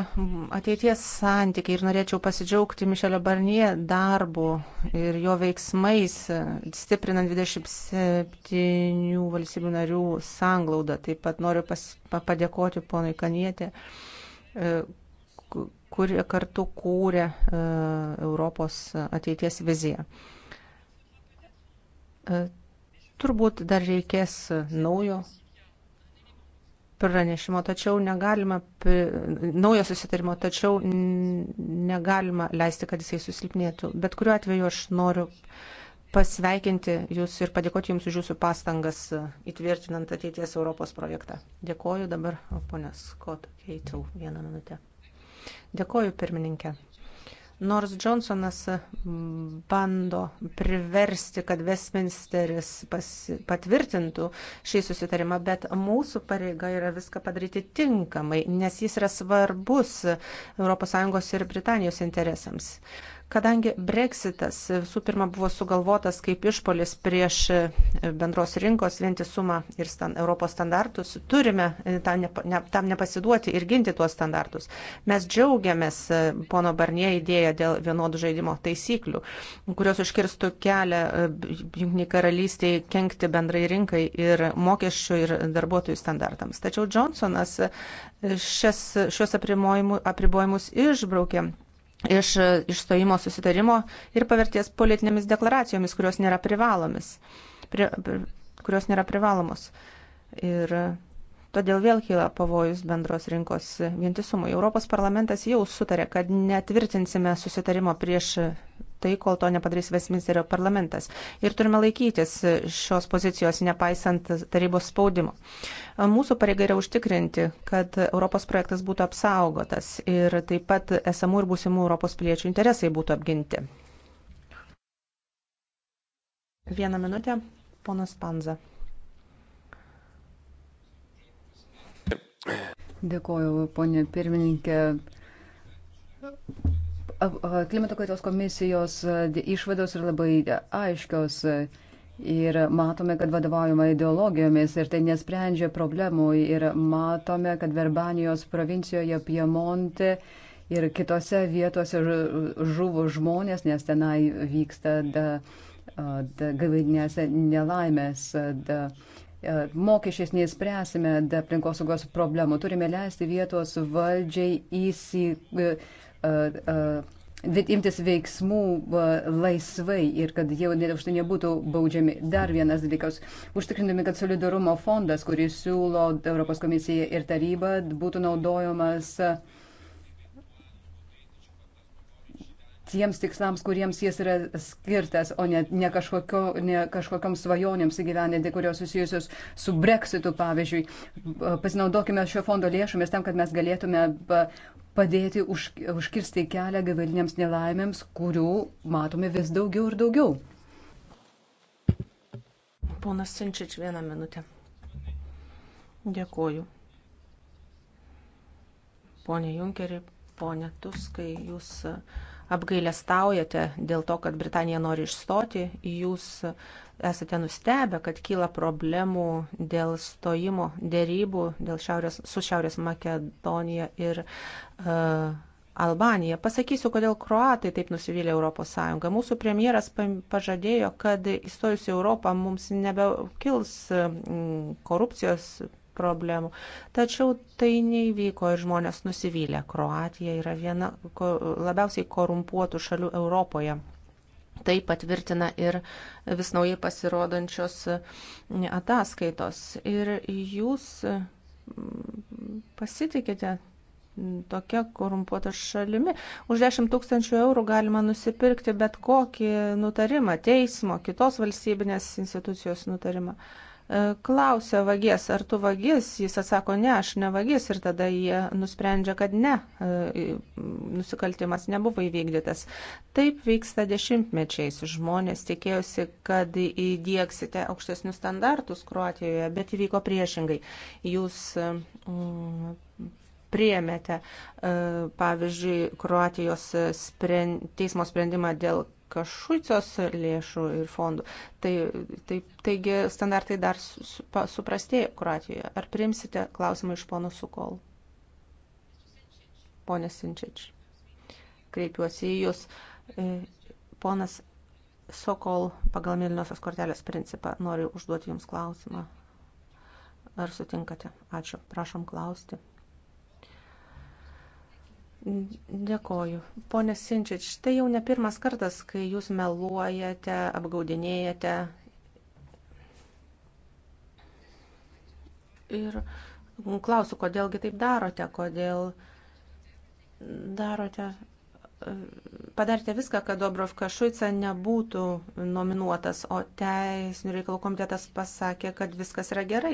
ateities santykiai ir norėčiau pasidžiaugti Mišelio Barnie darbu ir jo veiksmais, stiprinant 27 valstybių narių sanglaudą. Taip pat noriu pas, pa, padėkoti ponui Kanietė, e, kurie kartu kūrė e, Europos ateities viziją. E, turbūt dar reikės naujo pranešimo, tačiau negalima, naujo susitarimo, tačiau negalima leisti, kad jisai susilpnėtų. Bet kuriuo atveju aš noriu pasveikinti Jūs ir padėkoti Jums už Jūsų pastangas e, įtvirtinant ateities Europos projektą. Dėkoju dabar, ponė Scott Keitel, vieną minutę. Dėkoju, pirmininkė. Nors Johnsonas bando priversti, kad Westminsteris pas, patvirtintų šį susitarimą, bet mūsų pareiga yra viską padaryti tinkamai, nes jis yra svarbus ES ir Britanijos interesams. Kadangi breksitas visų pirma buvo sugalvotas kaip išpolis prieš bendros rinkos vientisumą ir stan, Europos standartus, turime tam, nepa, ne, tam nepasiduoti ir ginti tuos standartus. Mes džiaugiamės pono Barnie idėją dėl vienodų žaidimo taisyklių, kurios užkirstų kelią e, Junktiniai karalystiai kenkti bendrai rinkai ir mokesčių ir darbuotojų standartams. Tačiau Johnsonas šias, šios apribojimus išbraukė iš e, išstojimo susitarimo ir paverties politinėmis deklaracijomis, kurios nėra privalomis, pri, pri, kurios nėra privalomos. Ir todėl vėl kyla pavojus bendros rinkos vientisumui. Europos parlamentas jau sutarė, kad netvirtinsime susitarimo prieš tai, kol to nepadarys Vesminsterio parlamentas. Ir turime laikytis šios pozicijos, nepaisant tarybos spaudimo. Mūsų pareiga yra užtikrinti, kad Europos projektas būtų apsaugotas ir taip pat esamų ir būsimų Europos piliečių interesai būtų apginti. Vieną minutę, ponas Panza. Dėkoju, ponė pirmininkė. Klimato kaitos komisijos išvados yra labai aiškios. Ir matome, kad vadovaujama ideologijomis ir tai nesprendžia problemų. Ir matome, kad Verbanijos provincijoje Piemonte ir kitose vietose žuvo žmonės, nes tenai vyksta gavinės nelaimės. Da, mokesčiais neįspręsime aplinkosaugos problemų. Turime leisti vietos valdžiai įsi, imtis veiksmų laisvai ir kad jau už tai nebūtų baudžiami. Dar vienas dalykas, užtikrindami, kad solidarumo fondas, kurį siūlo Europos komisija ir taryba, būtų naudojamas uh, tiems tikslams, kuriems jis yra skirtas, o ne, ne, kažkokio, ne kažkokioms svajonėms įgyvendinti, kurios susijusios su breksitu, pavyzdžiui. Pasinaudokime šio fondo lėšomis tam, kad mes galėtume padėti už, užkirsti kelią gaviliniams nelaimėms, kurių matome vis daugiau ir daugiau. Ponas Sinčič, vieną minutę. Dėkuoju. Pone Junkeri, pone Tuskai, jūs uh, apgailestaujate dėl to, kad Britanija nori išstoti, jūs esate nustebę, kad kyla problemų dėl stojimo dėrybų dėl šiaurės, su Šiaurės Makedonija ir uh, Albanija. Pasakysiu, kodėl kroatai taip nusivylė ES. Mūsų premjeras pažadėjo, kad įstojus į Europą mums nebekils korupcijos, problemų. Tačiau tai neįvyko ir žmonės nusivylė. Kroatija yra viena labiausiai korumpuotų šalių Europoje. Tai patvirtina ir vis naujai pasirodančios ataskaitos. Ir jūs pasitikite tokia korumpuota šalimi. Už 10 tūkstančių eurų galima nusipirkti bet kokį nutarimą, teismo, kitos valstybinės institucijos nutarimą. Uh, E, klausia vagies, ar tu vagis, jis atsako, ne, aš ne vagis ir tada jie nusprendžia, kad ne, e, nusikaltimas nebuvo įvykdytas. Taip vyksta dešimtmečiais. Žmonės tikėjosi, kad įdėksite aukštesnius standartus Kruatijoje, bet įvyko priešingai. Jūs e, mm, priemėte, pavyzdžiui, Kroatijos spren, teismo sprendimą dėl kašuicos lėšų ir fondų. Tai, tai, taigi standartai dar suprastėjo Kroatijoje. Ar primsite klausimą iš pono Sukol? Pone Sinčič, kreipiuosi į Jūs. E, ponas Sokol pagal mėlynosios kortelės principą nori užduoti Jums klausimą. Ar sutinkate? Ačiū. Prašom klausti. Dėkoju. Pone Sinčič, tai jau ne pirmas kartas, kai jūs meluojate, apgaudinėjate. Ir klausiu, kodėlgi taip darote, kodėl darote padarėte viską, kad Dobrovka Šuica nebūtų nominuotas, o Teisinių reikalų komitetas pasakė, kad viskas yra gerai.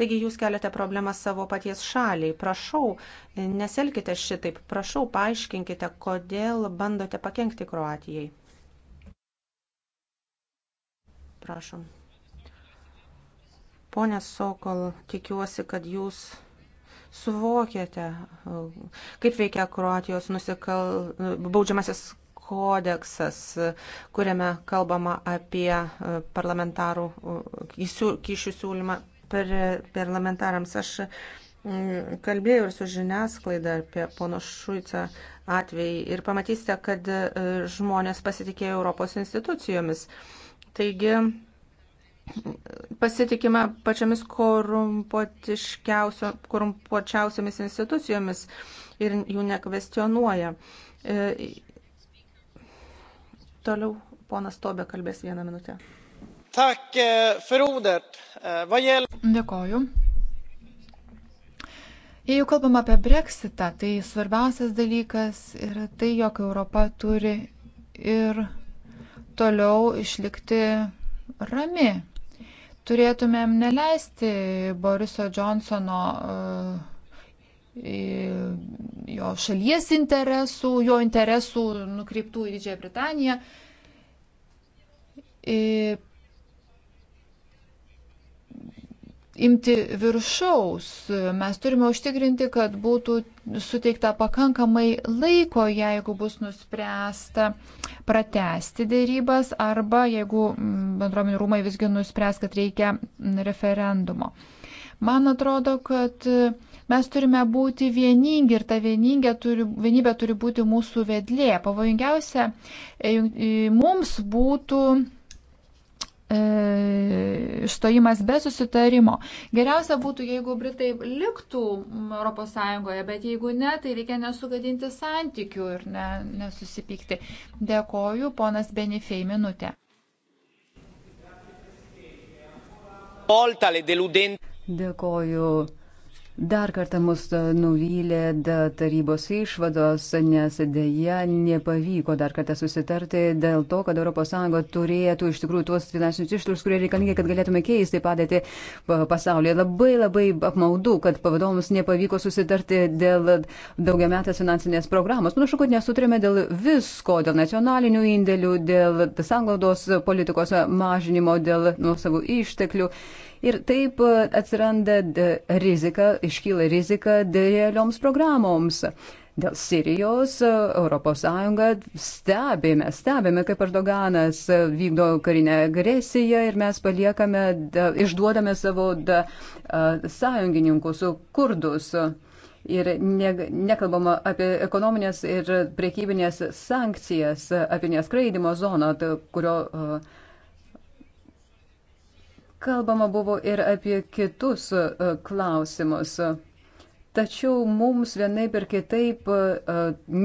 Taigi jūs keliate problemą savo paties šaliai. Prašau, neselkite šitaip. Prašau, paaiškinkite, kodėl bandote pakengti Kroatijai. Prašom. Pone Sokol, tikiuosi, kad jūs suvokėte, kaip veikia Kroatijos nusikal... baudžiamasis kodeksas, kuriame kalbama apie e, parlamentarų e, kyšių siūlymą per parlamentarams. Aš mm, kalbėjau ir su žiniasklaida apie pono Šuicą atvejį ir pamatysite, kad e, žmonės pasitikėjo Europos institucijomis. Taigi, pasitikima pačiamis korumpuočiausiamis institucijomis ir jų nekvestionuoja. E, toliau ponas Tobė kalbės vieną minutę. E, e, Dėkoju. Jei jau kalbam apie breksitą, tai svarbiausias dalykas yra tai, jog Europa turi ir toliau išlikti rami turėtumėm neleisti Boriso Johnsono e, jo šalies interesų, jo interesų nukreiptų į Didžiąją Britaniją e, imti viršaus. Mes turime užtikrinti, kad būtų suteikta pakankamai laiko, jeigu bus nuspręsta pratesti dėrybas arba jeigu mm, bendruomenių rūmai visgi nuspręs, kad reikia referendumo. Man atrodo, kad mes turime būti vieningi ir ta turi, vienybė turi būti mūsų vedlė. Pavojingiausia e, mums būtų E, išstojimas be susitarimo. Geriausia būtų, jeigu Britai liktų ES, bet jeigu ne, tai reikia nesugadinti santykių ir ne, nesusipykti. Dėkoju, ponas Benifei, minutė. Dėkoju Dar kartą mus e, nuvylė tarybos išvados, nes dėja nepavyko dar kartą susitarti dėl to, kad ES turėtų iš tikrųjų tuos finansinius išteklius, kurie reikalingi, kad galėtume keisti padėti e, pasaulyje. Labai labai apmaudu, kad pavadomus nepavyko susitarti dėl daugiametės finansinės programos. Panašu, kad nesutrėme dėl visko, dėl nacionalinių indėlių, dėl sanglaudos politikos mažinimo, dėl nuosavų išteklių. Ir taip e, atsiranda rizika, iškyla rizika realioms programoms. Dėl Sirijos ES stebime, stebime, kaip Erdoganas e, vykdo karinę agresiją ir mes paliekame, da, išduodame savo da, e, sąjungininkus, kurdus. Ir ne, nekalbama apie ekonominės ir priekybinės sankcijas, apie neskraidimo zoną, kurio uh, Kalbama buvo ir apie kitus e, klausimus. Tačiau mums vienaip ir kitaip e,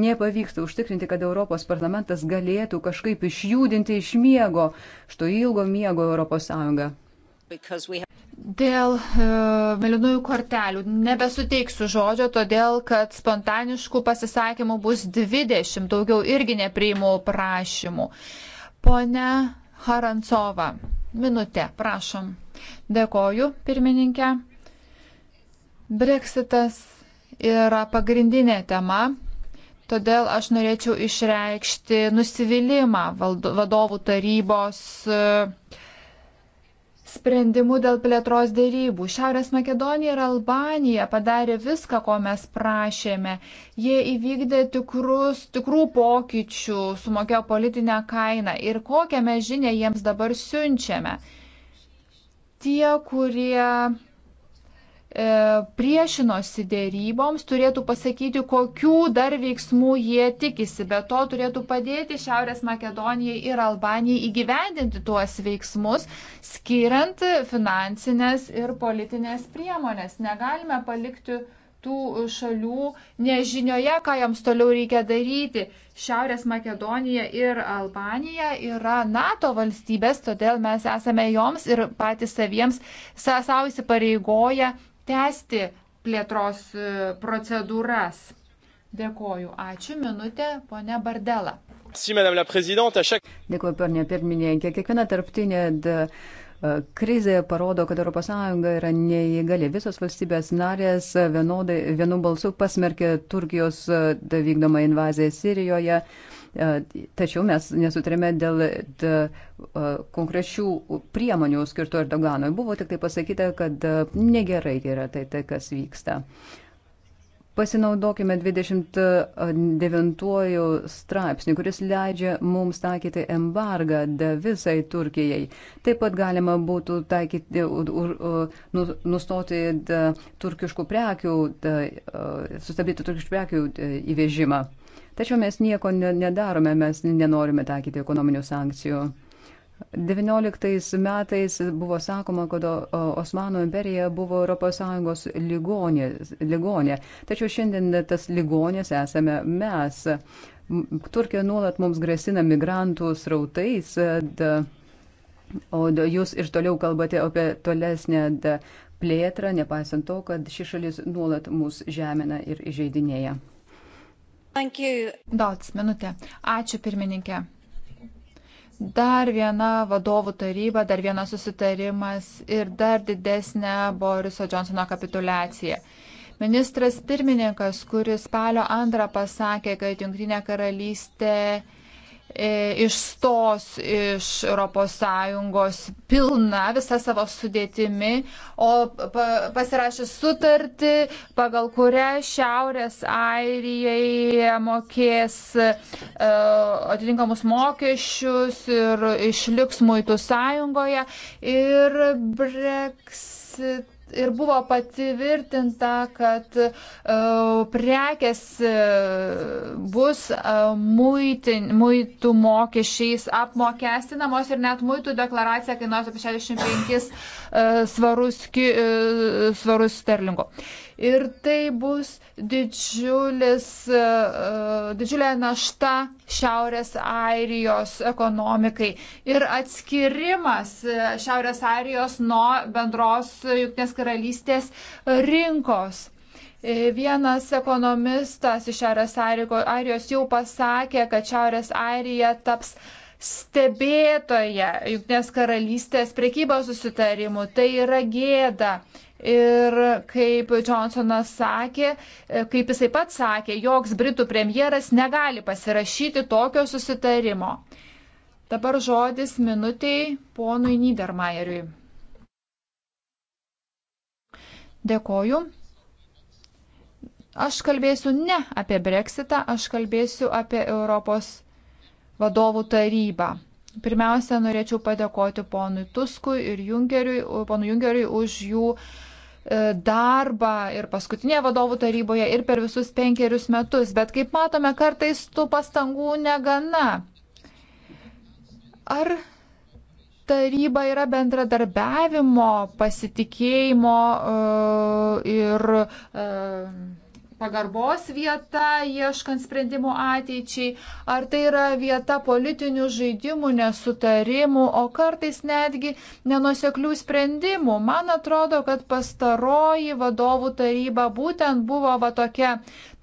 nepavyksta užtikrinti, kad Europos parlamentas galėtų kažkaip išjudinti iš miego, šito ilgo miego Europos Sąjungą. Dėl e, melinųjų kortelių nebesuteiksiu žodžio, todėl kad spontaniškų pasisakymų bus 20, daugiau irgi nepriimu prašymų. Pone Harantsova minutę, prašom. Dėkoju, pirmininkė. Brexitas yra pagrindinė tema, todėl aš norėčiau išreikšti nusivylimą vadovų tarybos uh, sprendimu dėl plėtros dėrybų. Šiaurės Makedonija ir Albanija padarė viską, ko mes prašėme. Jie įvykdė tikrus, tikrų pokyčių, sumokėjo politinę kainą. Ir kokią mes žinę jiems dabar siunčiame. Tie, kurie E, priešinosi dėryboms, turėtų pasakyti, kokių dar veiksmų jie tikisi. Be to turėtų padėti Šiaurės Makedonijai ir Albanijai įgyvendinti tuos veiksmus, skiriant finansinės ir politinės priemonės. Negalime palikti tų šalių nežinioje, ką jiems toliau reikia daryti. Šiaurės Makedonija ir Albanija yra NATO valstybės, todėl mes esame joms ir patys saviems savo įsipareigoję tęsti plėtros e, procedūras. Dėkoju. Ačiū. Minutė, ponia Bardela. Dėkuoju, ponia pirmininkė. Kiekviena tarptinė. D... Krizė parodo, kad ES yra neįgali. Visos valstybės narės vienodai, vienu balsu pasmerkė Turkijos e, vykdomą invaziją Sirijoje. E, tačiau mes nesutarėme dėl e, konkrečių priemonių skirtų Erdoganui. Buvo tik tai pasakyta, kad negerai yra tai, tai kas vyksta. Pasinaudokime 29 straipsnį, kuris leidžia mums taikyti embargą visai Turkijai. Taip pat galima būtų taikyti, nu, nustoti turkiškų prekių, sustabdyti turkiškų prekių įvežimą. Tačiau mes nieko nedarome, mes nenorime taikyti ekonominių sankcijų. XIX metais buvo sakoma, kad Osmanų imperija buvo ES ligonė, ligonė. Tačiau šiandien tas ligonės esame mes. Turkija nuolat mums grasina migrantų srautais, da, o da, jūs ir toliau kalbate apie tolesnę da, plėtrą, nepaisant to, kad ši šalis nuolat mus žemina ir žaidinėja. Dots, minutė. Ačiū pirmininkė dar viena vadovų taryba, dar vienas susitarimas ir dar didesnė Boriso Johnsono kapitulacija. Ministras pirmininkas, kuris spalio antrą pasakė, kad Junktinė karalystė E, išstos iš ES pilna visa savo sudėtimi, o pasirašęs sutartį, pagal kurią Šiaurės Airijai mokės e, atitinkamus mokesčius ir išliks muitų sąjungoje. Ir Brexit ir buvo patvirtinta, kad e, prekes e, bus e, muitin, muitų mokesčiais apmokestinamos ir net muitų deklaracija kainuos apie 65 svarus, svarus sterlingo. Ir tai bus didžiulis, e, didžiulė našta Šiaurės Airijos ekonomikai ir atskirimas e, Šiaurės Airijos nuo bendros Junktinės karalystės rinkos. E, vienas ekonomistas iš Šiaurės Airijos jau pasakė, kad Šiaurės Airija taps stebėtoje Junktinės karalystės prekybos susitarimų. Tai yra gėda. Ir kaip Johnsonas sakė, e, kaip jisai pats sakė, joks Britų premjeras negali pasirašyti tokio susitarimo. Dabar žodis minutiai ponui Niedermayeriui. Dėkoju. Aš kalbėsiu ne apie breksitą, aš kalbėsiu apie Europos vadovų tarybą. Pirmiausia, norėčiau padėkoti ponui Tuskui ir Junkeriui, ponui Junkeriui už jų uh, E, darbą ir paskutinėje vadovų taryboje ir per visus penkerius metus. Bet kaip matome, kartais tų pastangų negana. Ar taryba yra bendradarbiavimo, pasitikėjimo uh, ir uh, pagarbos vieta ieškant sprendimų ateičiai, ar tai yra vieta politinių žaidimų, nesutarimų, o kartais netgi nenuseklių sprendimų. Man atrodo, kad pastaroji vadovų taryba būtent buvo va tokia,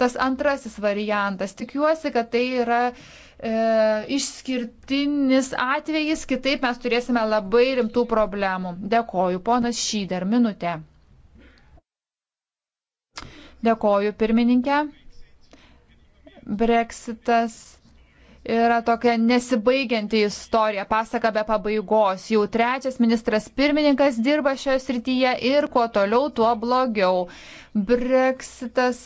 tas antrasis variantas. Tikiuosi, kad tai yra e, išskirtinis atvejis, kitaip mes turėsime labai rimtų problemų. Dėkoju, ponas Šyder, minutė. Dėkoju pirmininkė. Brexitas yra tokia nesibaigianti istorija, pasaka be pabaigos. Jau trečias ministras pirmininkas dirba šioje srityje ir kuo toliau, tuo blogiau. Brexitas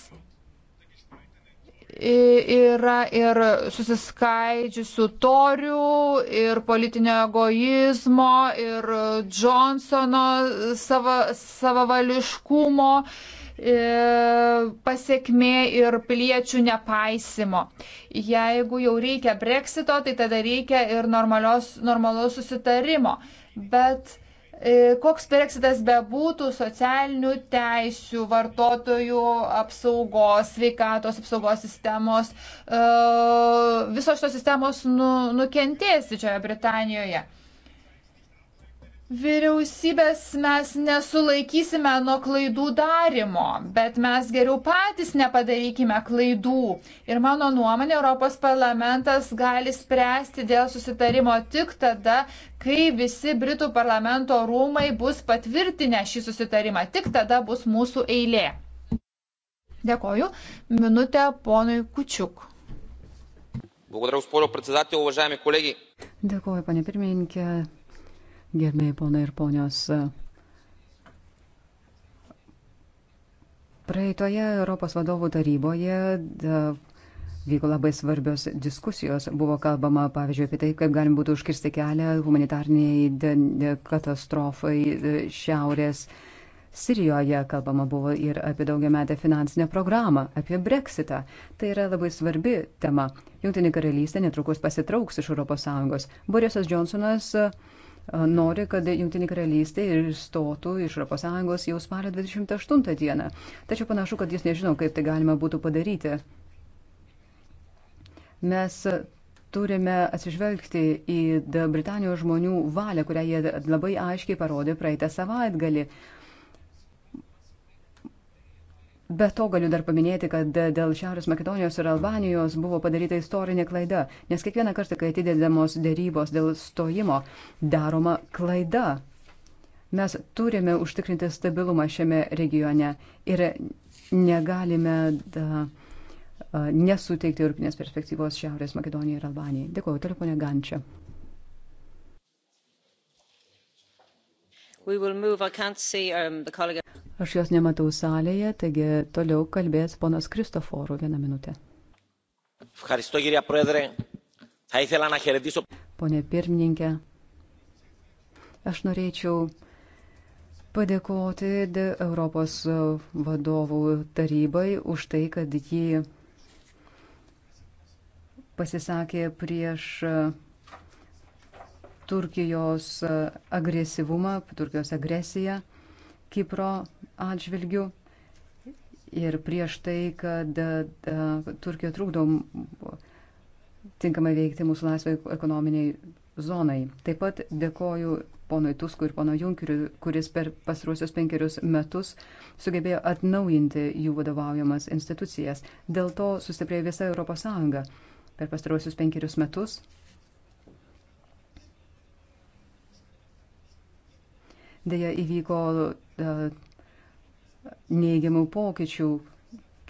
yra ir susiskaidžiusių torių, ir politinio egoizmo, ir Johnsono savavališkumo. Sava E, pasiekmė ir piliečių nepaisimo. Jeigu jau reikia breksito, tai tada reikia ir normalios, normalaus susitarimo. Bet e, koks breksitas bebūtų, socialinių teisių, vartotojų apsaugos, sveikatos apsaugos sistemos, e, visos šios sistemos nu, nukentės Didžiojo Britanijoje. Vyriausybės mes nesulaikysime nuo klaidų darimo, bet mes geriau patys nepadarykime klaidų. Ir mano nuomonė, Europos parlamentas gali spręsti dėl susitarimo tik tada, kai visi Britų parlamento rūmai bus patvirtinę šį susitarimą. Tik tada bus mūsų eilė. Dėkoju. Minutė ponui Kučiuk. Благодаря, госпожо председател, уважаеми колеги. Дякую, пане пирмінке. Gerbėjai ponai ir ponios. Praeitoje Europos vadovų taryboje da, vyko labai svarbios diskusijos. Buvo kalbama, pavyzdžiui, apie tai, kaip galim būtų užkirsti kelią humanitarniai katastrofai e, šiaurės. Sirijoje kalbama buvo ir apie daugiametę finansinę programą, apie breksitą. Tai yra labai svarbi tema. Junktinė karalystė netrukus pasitrauks iš ES. Borisas Johnsonas uh, nori, kad Junktinė karalystė išstotų iš ES jau spalio 28 dieną. Tačiau panašu, kad jis nežino, kaip tai galima būtų padaryti. Mes turime atsižvelgti į Britanijos žmonių valią, kurią jie labai aiškiai parodė praeitą savaitgalį. Be to galiu dar paminėti, kad dėl Šiaurės Makedonijos ir Albanijos buvo padaryta istorinė klaida, nes kiekvieną kartą, kai atidedamos dėrybos dėl stojimo, daroma klaida. Mes turime užtikrinti stabilumą šiame regione ir negalime da, nesuteikti europinės perspektyvos Šiaurės Makedonijai ir Albanijai. Dėkuoju, telefonė Gančia. Um, aš jos nematau salėje, taigi toliau kalbės ponas Kristoforų vieną minutę. Pone pirmininkė, aš norėčiau padėkoti Europos e, vadovų tarybai už tai, kad ji pasisakė prieš e, Turkijos e, agresyvumą, Turkijos agresiją Kipro atžvilgių ir prieš tai, kad e, Turkija trukdo tinkamai veikti mūsų laisvai ekonominiai zonai. Taip pat dėkoju ponui Tuskui ir pono Junkeriu, kuris per pastaruosius penkerius metus sugebėjo atnaujinti jų vadovaujamas institucijas. Dėl to sustiprėjo visa ES per pastaruosius penkerius metus. dėja įvyko e, neigiamų pokyčių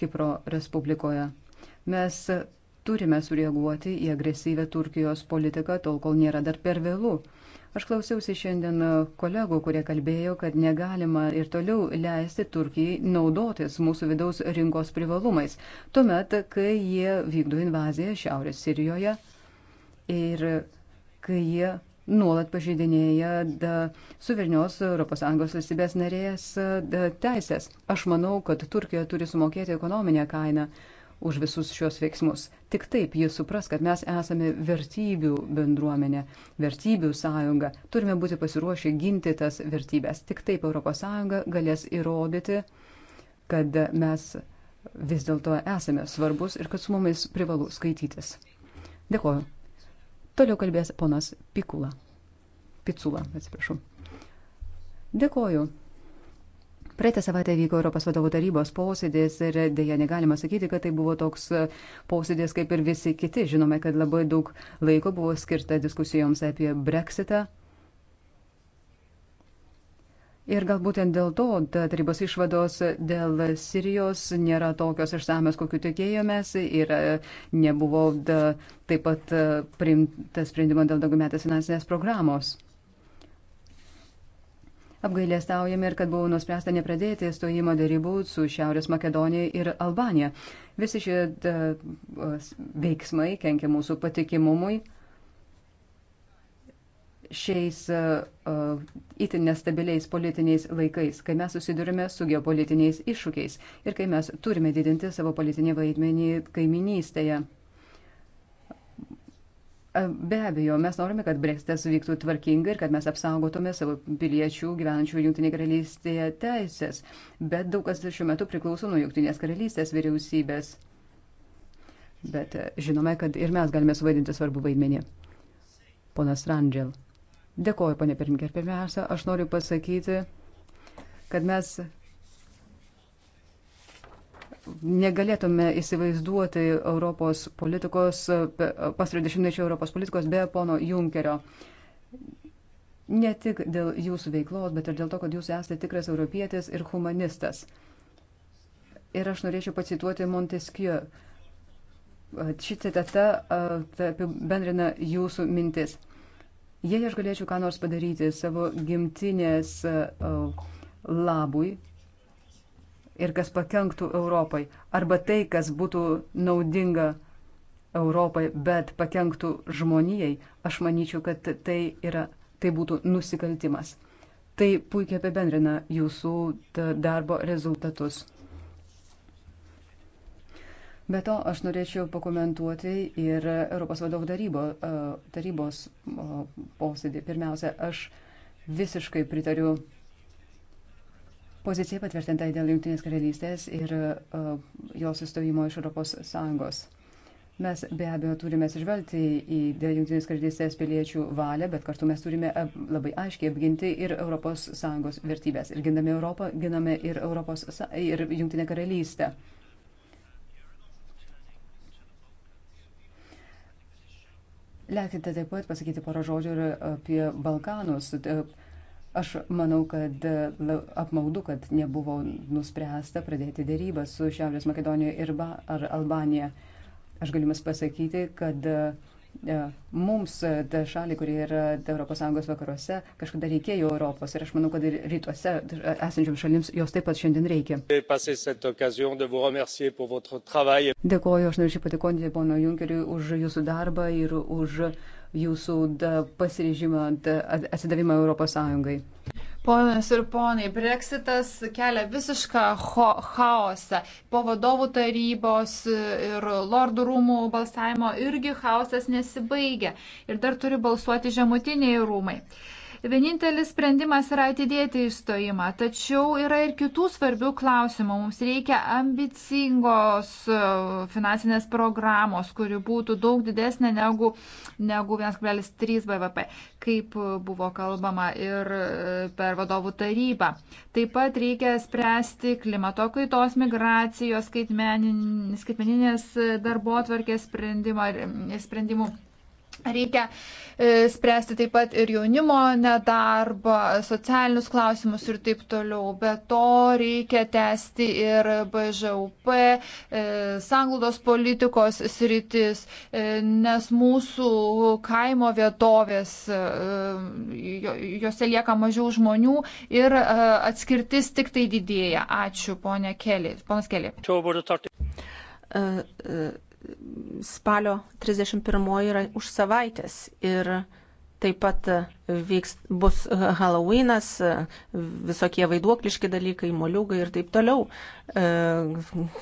Kipro Respublikoje. Mes turime sureaguoti į agresyvę Turkijos politiką, tol kol nėra dar per vėlų. Aš klausiausi šiandien kolegų, kurie kalbėjo, kad negalima ir toliau leisti Turkijai naudotis mūsų vidaus rinkos privalumais, tuomet, kai jie vykdo invaziją Šiaurės Sirijoje ir kai jie nuolat pažeidinėja suverenios ES valstybės narės teisės. Aš manau, kad Turkija turi sumokėti ekonominę kainą už visus šios veiksmus. Tik taip jis supras, kad mes esame vertybių bendruomenė, vertybių sąjunga. Turime būti pasiruošę ginti tas vertybės. Tik taip ES galės įrodyti, kad mes vis dėlto esame svarbus ir kad su mumis privalu skaitytis. Dėkuoju. Toliau kalbės ponas Pikula. Picula, atsiprašau. Dėkoju. Praeitą savaitę vyko Europos vadovų tarybos posėdis ir dėja negalima sakyti, kad tai buvo toks posėdis kaip ir visi kiti. Žinome, kad labai daug laiko buvo skirta diskusijoms apie breksitą. Ir gal būtent dėl to tarybos išvados dėl Sirijos nėra tokios išsamios, kokiu tikėjomės, ir e, nebuvo da, taip pat e, priimtas sprendimas dėl daugiametės finansinės programos. Apgailėstaujame ir kad buvo nuspręsta nepradėti stojimo darybų su Šiaurės Makedonija ir Albanija. Visi šie da, e, veiksmai kenkia mūsų patikimumui šiais uh, itin nestabiliais politiniais laikais, kai mes susidurime su geopolitiniais iššūkiais ir kai mes turime didinti savo politinį vaidmenį kaiminystėje. E, be abejo, mes norime, kad breksitas vyktų tvarkingai ir kad mes apsaugotume savo piliečių gyvenančių Junktinėje karalystėje teisės, bet daug kas šiuo metu priklauso nuo Junktinės karalystės vyriausybės. Bet žinome, kad ir mes galime suvaidinti svarbu vaidmenį. Ponas Randžel. Dėkoju, panė pirmininkė. Pirmiausia, aš noriu pasakyti, kad mes negalėtume įsivaizduoti Europos politikos, pastarojo dešimtmečio Europos politikos be pono Junkerio. Ne tik dėl jūsų veiklos, bet ir dėl to, kad jūs esate tikras europietis ir humanistas. Ir aš norėčiau pacituoti Montesquieu. Ši citata apibendrina jūsų mintis. Jei aš galėčiau ką nors padaryti savo gimtinės e, e, labui ir kas pakenktų Europai, arba tai, kas būtų naudinga Europai, bet pakenktų žmonijai, aš manyčiau, kad tai, yra, tai būtų nusikaltimas. Tai puikiai apibendrina jūsų darbo rezultatus. Be to, aš norėčiau pakomentuoti ir Europos vadovų tarybo, e, tarybos posėdį. Pirmiausia, aš visiškai pritariu pozicijai patvirtintai dėl Junktinės karalystės ir uh, jos įstojimo iš Europos Sąjungos. Mes be abejo turime atsižvelgti į dėl Junktinės karalystės piliečių valią, bet kartu mes turime ab, e, labai aiškiai apginti ir ES vertybės. Ir gindami Europą, giname ir, Europos, ir Junktinę karalystę. Leisite taip pat pasakyti porą žodžių ir apie Balkanus. E, aš manau, kad e, apmaudu, kad nebuvo nuspręsta pradėti dėrybą su Šiaurės Makedonija ir ba, ar Albanija. Aš galimas pasakyti, kad uh, E, mums, e, šaliai, kuri yra ES vakaruose, kažkada reikėjo Europos ir aš manau, kad ir rytuose e, esančiam šalims jos taip pat šiandien reikia. Dėkoju, aš norėčiau patikoti pono Junkeriui už jūsų darbą ir už jūsų pasiryžimą atsidavimą ES. Ponas ir ponai, breksitas kelia visišką chaosą. Po vadovų tarybos ir lordų rūmų balsavimo irgi chaosas nesibaigia. Ir dar turi balsuoti žemutiniai rūmai. Uh, Vienintelis sprendimas yra atidėti išstojimą, tačiau yra ir kitų svarbių klausimų. Mums reikia ambicingos e, finansinės programos, kuri būtų daug didesnė negu, negu 1,3 BVP, kaip buvo kalbama ir e, per vadovų tarybą. Taip pat reikia spręsti klimato kaitos, migracijos, skaitmeninės e, darbo atvarkės sprendimų Reikia e, spręsti taip pat ir jaunimo nedarbą, socialinius klausimus ir taip toliau. Be to reikia tęsti ir BŽUP, e, sanglaudos politikos sritis, e, nes mūsų kaimo vietovės, juose lieka mažiau žmonių ir atskirtis tik tai didėja. Ačiū, ponė Kelė. Ponas Kelė spalio 31 yra už savaitės ir taip pat vyks, bus Halloweenas, visokie vaiduokliški dalykai, moliūgai ir taip toliau. E,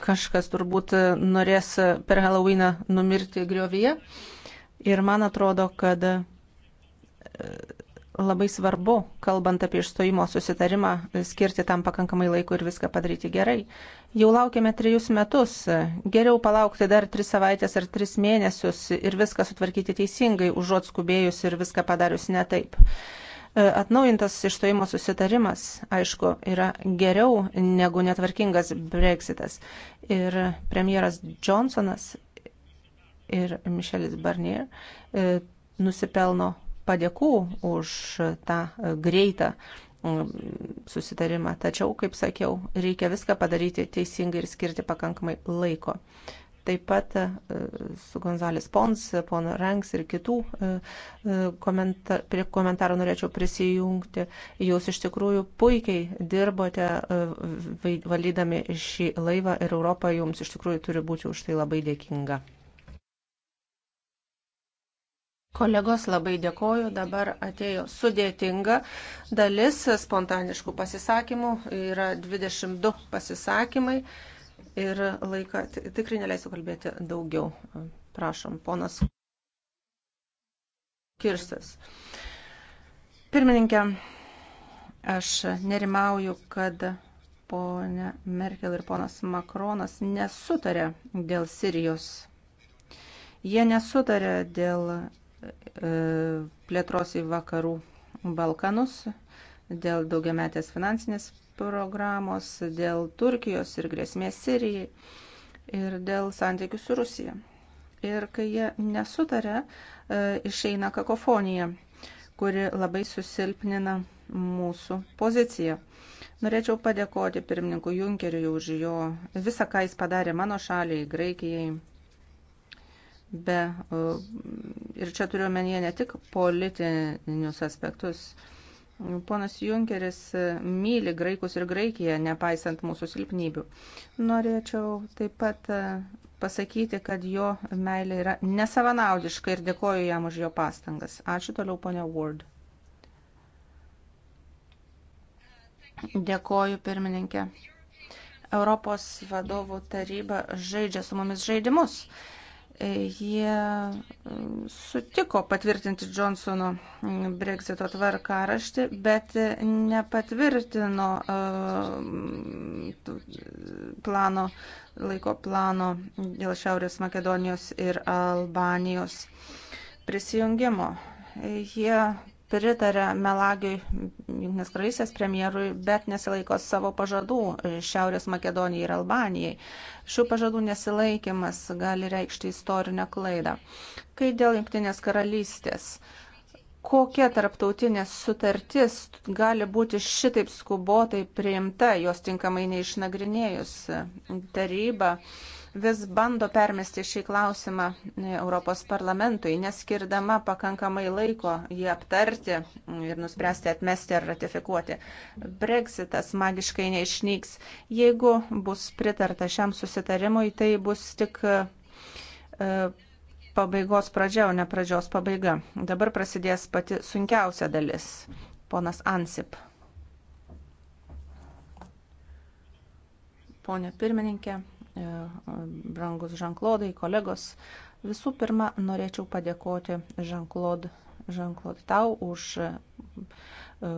kažkas turbūt norės per Halloweeną numirti griovyje. Ir man atrodo, kad e, labai svarbu, kalbant apie išstojimo susitarimą, skirti tam pakankamai laiko ir viską padaryti gerai. Jau laukiame trejus metus, geriau palaukti dar tris savaitės ar tris mėnesius ir viską sutvarkyti teisingai, užuot skubėjus ir viską padarius ne taip. E, atnaujintas išstojimo susitarimas, aišku, yra geriau negu netvarkingas Brexitas. Ir premjeras Johnsonas ir Mišelis Barnier e, nusipelno padėkų už tą greitą mm, susitarimą. Tačiau, kaip sakiau, reikia viską padaryti teisingai ir skirti pakankamai laiko. Taip pat e, su Gonzales Pons, pono Ranks ir kitų e, e, komentar, prie komentarų norėčiau prisijungti. Jūs iš tikrųjų puikiai dirbote valydami šį laivą ir Europą jums iš tikrųjų turi būti už tai labai dėkinga. Kolegos labai dėkoju, dabar atėjo sudėtinga dalis spontaniškų pasisakymų, yra 22 pasisakymai ir laiką tikrai neleisiu kalbėti daugiau. Prašom, ponas Kirstas. Pirmininkė, aš nerimauju, kad ponė Merkel ir ponas Makronas nesutarė dėl Sirijos. Jie nesutarė dėl plėtros į vakarų Balkanus, dėl daugiametės finansinės programos, dėl Turkijos ir grėsmės Sirijai ir dėl santykių su Rusija. Ir kai jie nesutarė, e, išeina kakofonija, kuri labai susilpnina mūsų poziciją. Norėčiau padėkoti pirmininkui Junkeriui už jo visą, ką jis padarė mano šaliai, Graikijai, be e, Ir čia turiu omenyje ne tik politinius aspektus. Ponas Junkeris myli graikus ir Graikiją, nepaisant mūsų silpnybių. Norėčiau taip pat e, pasakyti, kad jo meilė yra nesavanaudiška ir dėkoju jam už jo pastangas. Ačiū toliau, ponia Ward. Dėkoju, pirmininkė. Europos vadovų taryba žaidžia su mumis žaidimus jie mm, sutiko patvirtinti Johnsono mm, Brexito tvarkaraštį, bet nepatvirtino e, mm, plano, laiko plano dėl Šiaurės Makedonijos ir Albanijos prisijungimo. Jie pritarė melagiui Junktinės karalystės premjerui, bet nesilaiko savo pažadų Šiaurės Makedonijai ir Albanijai. Šių pažadų nesilaikimas gali reikšti istorinę klaidą. Kai dėl Junktinės karalystės kokia tarptautinė sutartis gali būti šitaip skubotai priimta, jos tinkamai neišnagrinėjus taryba vis bando permesti šį klausimą e, Europos parlamentui, neskirdama pakankamai laiko jį aptarti ir nuspręsti atmesti ar ratifikuoti. Brexitas magiškai neišnyks. Jeigu bus pritarta šiam susitarimui, tai bus tik e, pabaigos pradžia, o ne pradžios pabaiga. Dabar prasidės pati sunkiausia dalis. Ponas Ansip. Pone pirmininkė, E, brangus Žanklodai, kolegos. Visų pirma, norėčiau padėkoti Žanklod, Žanklod tau už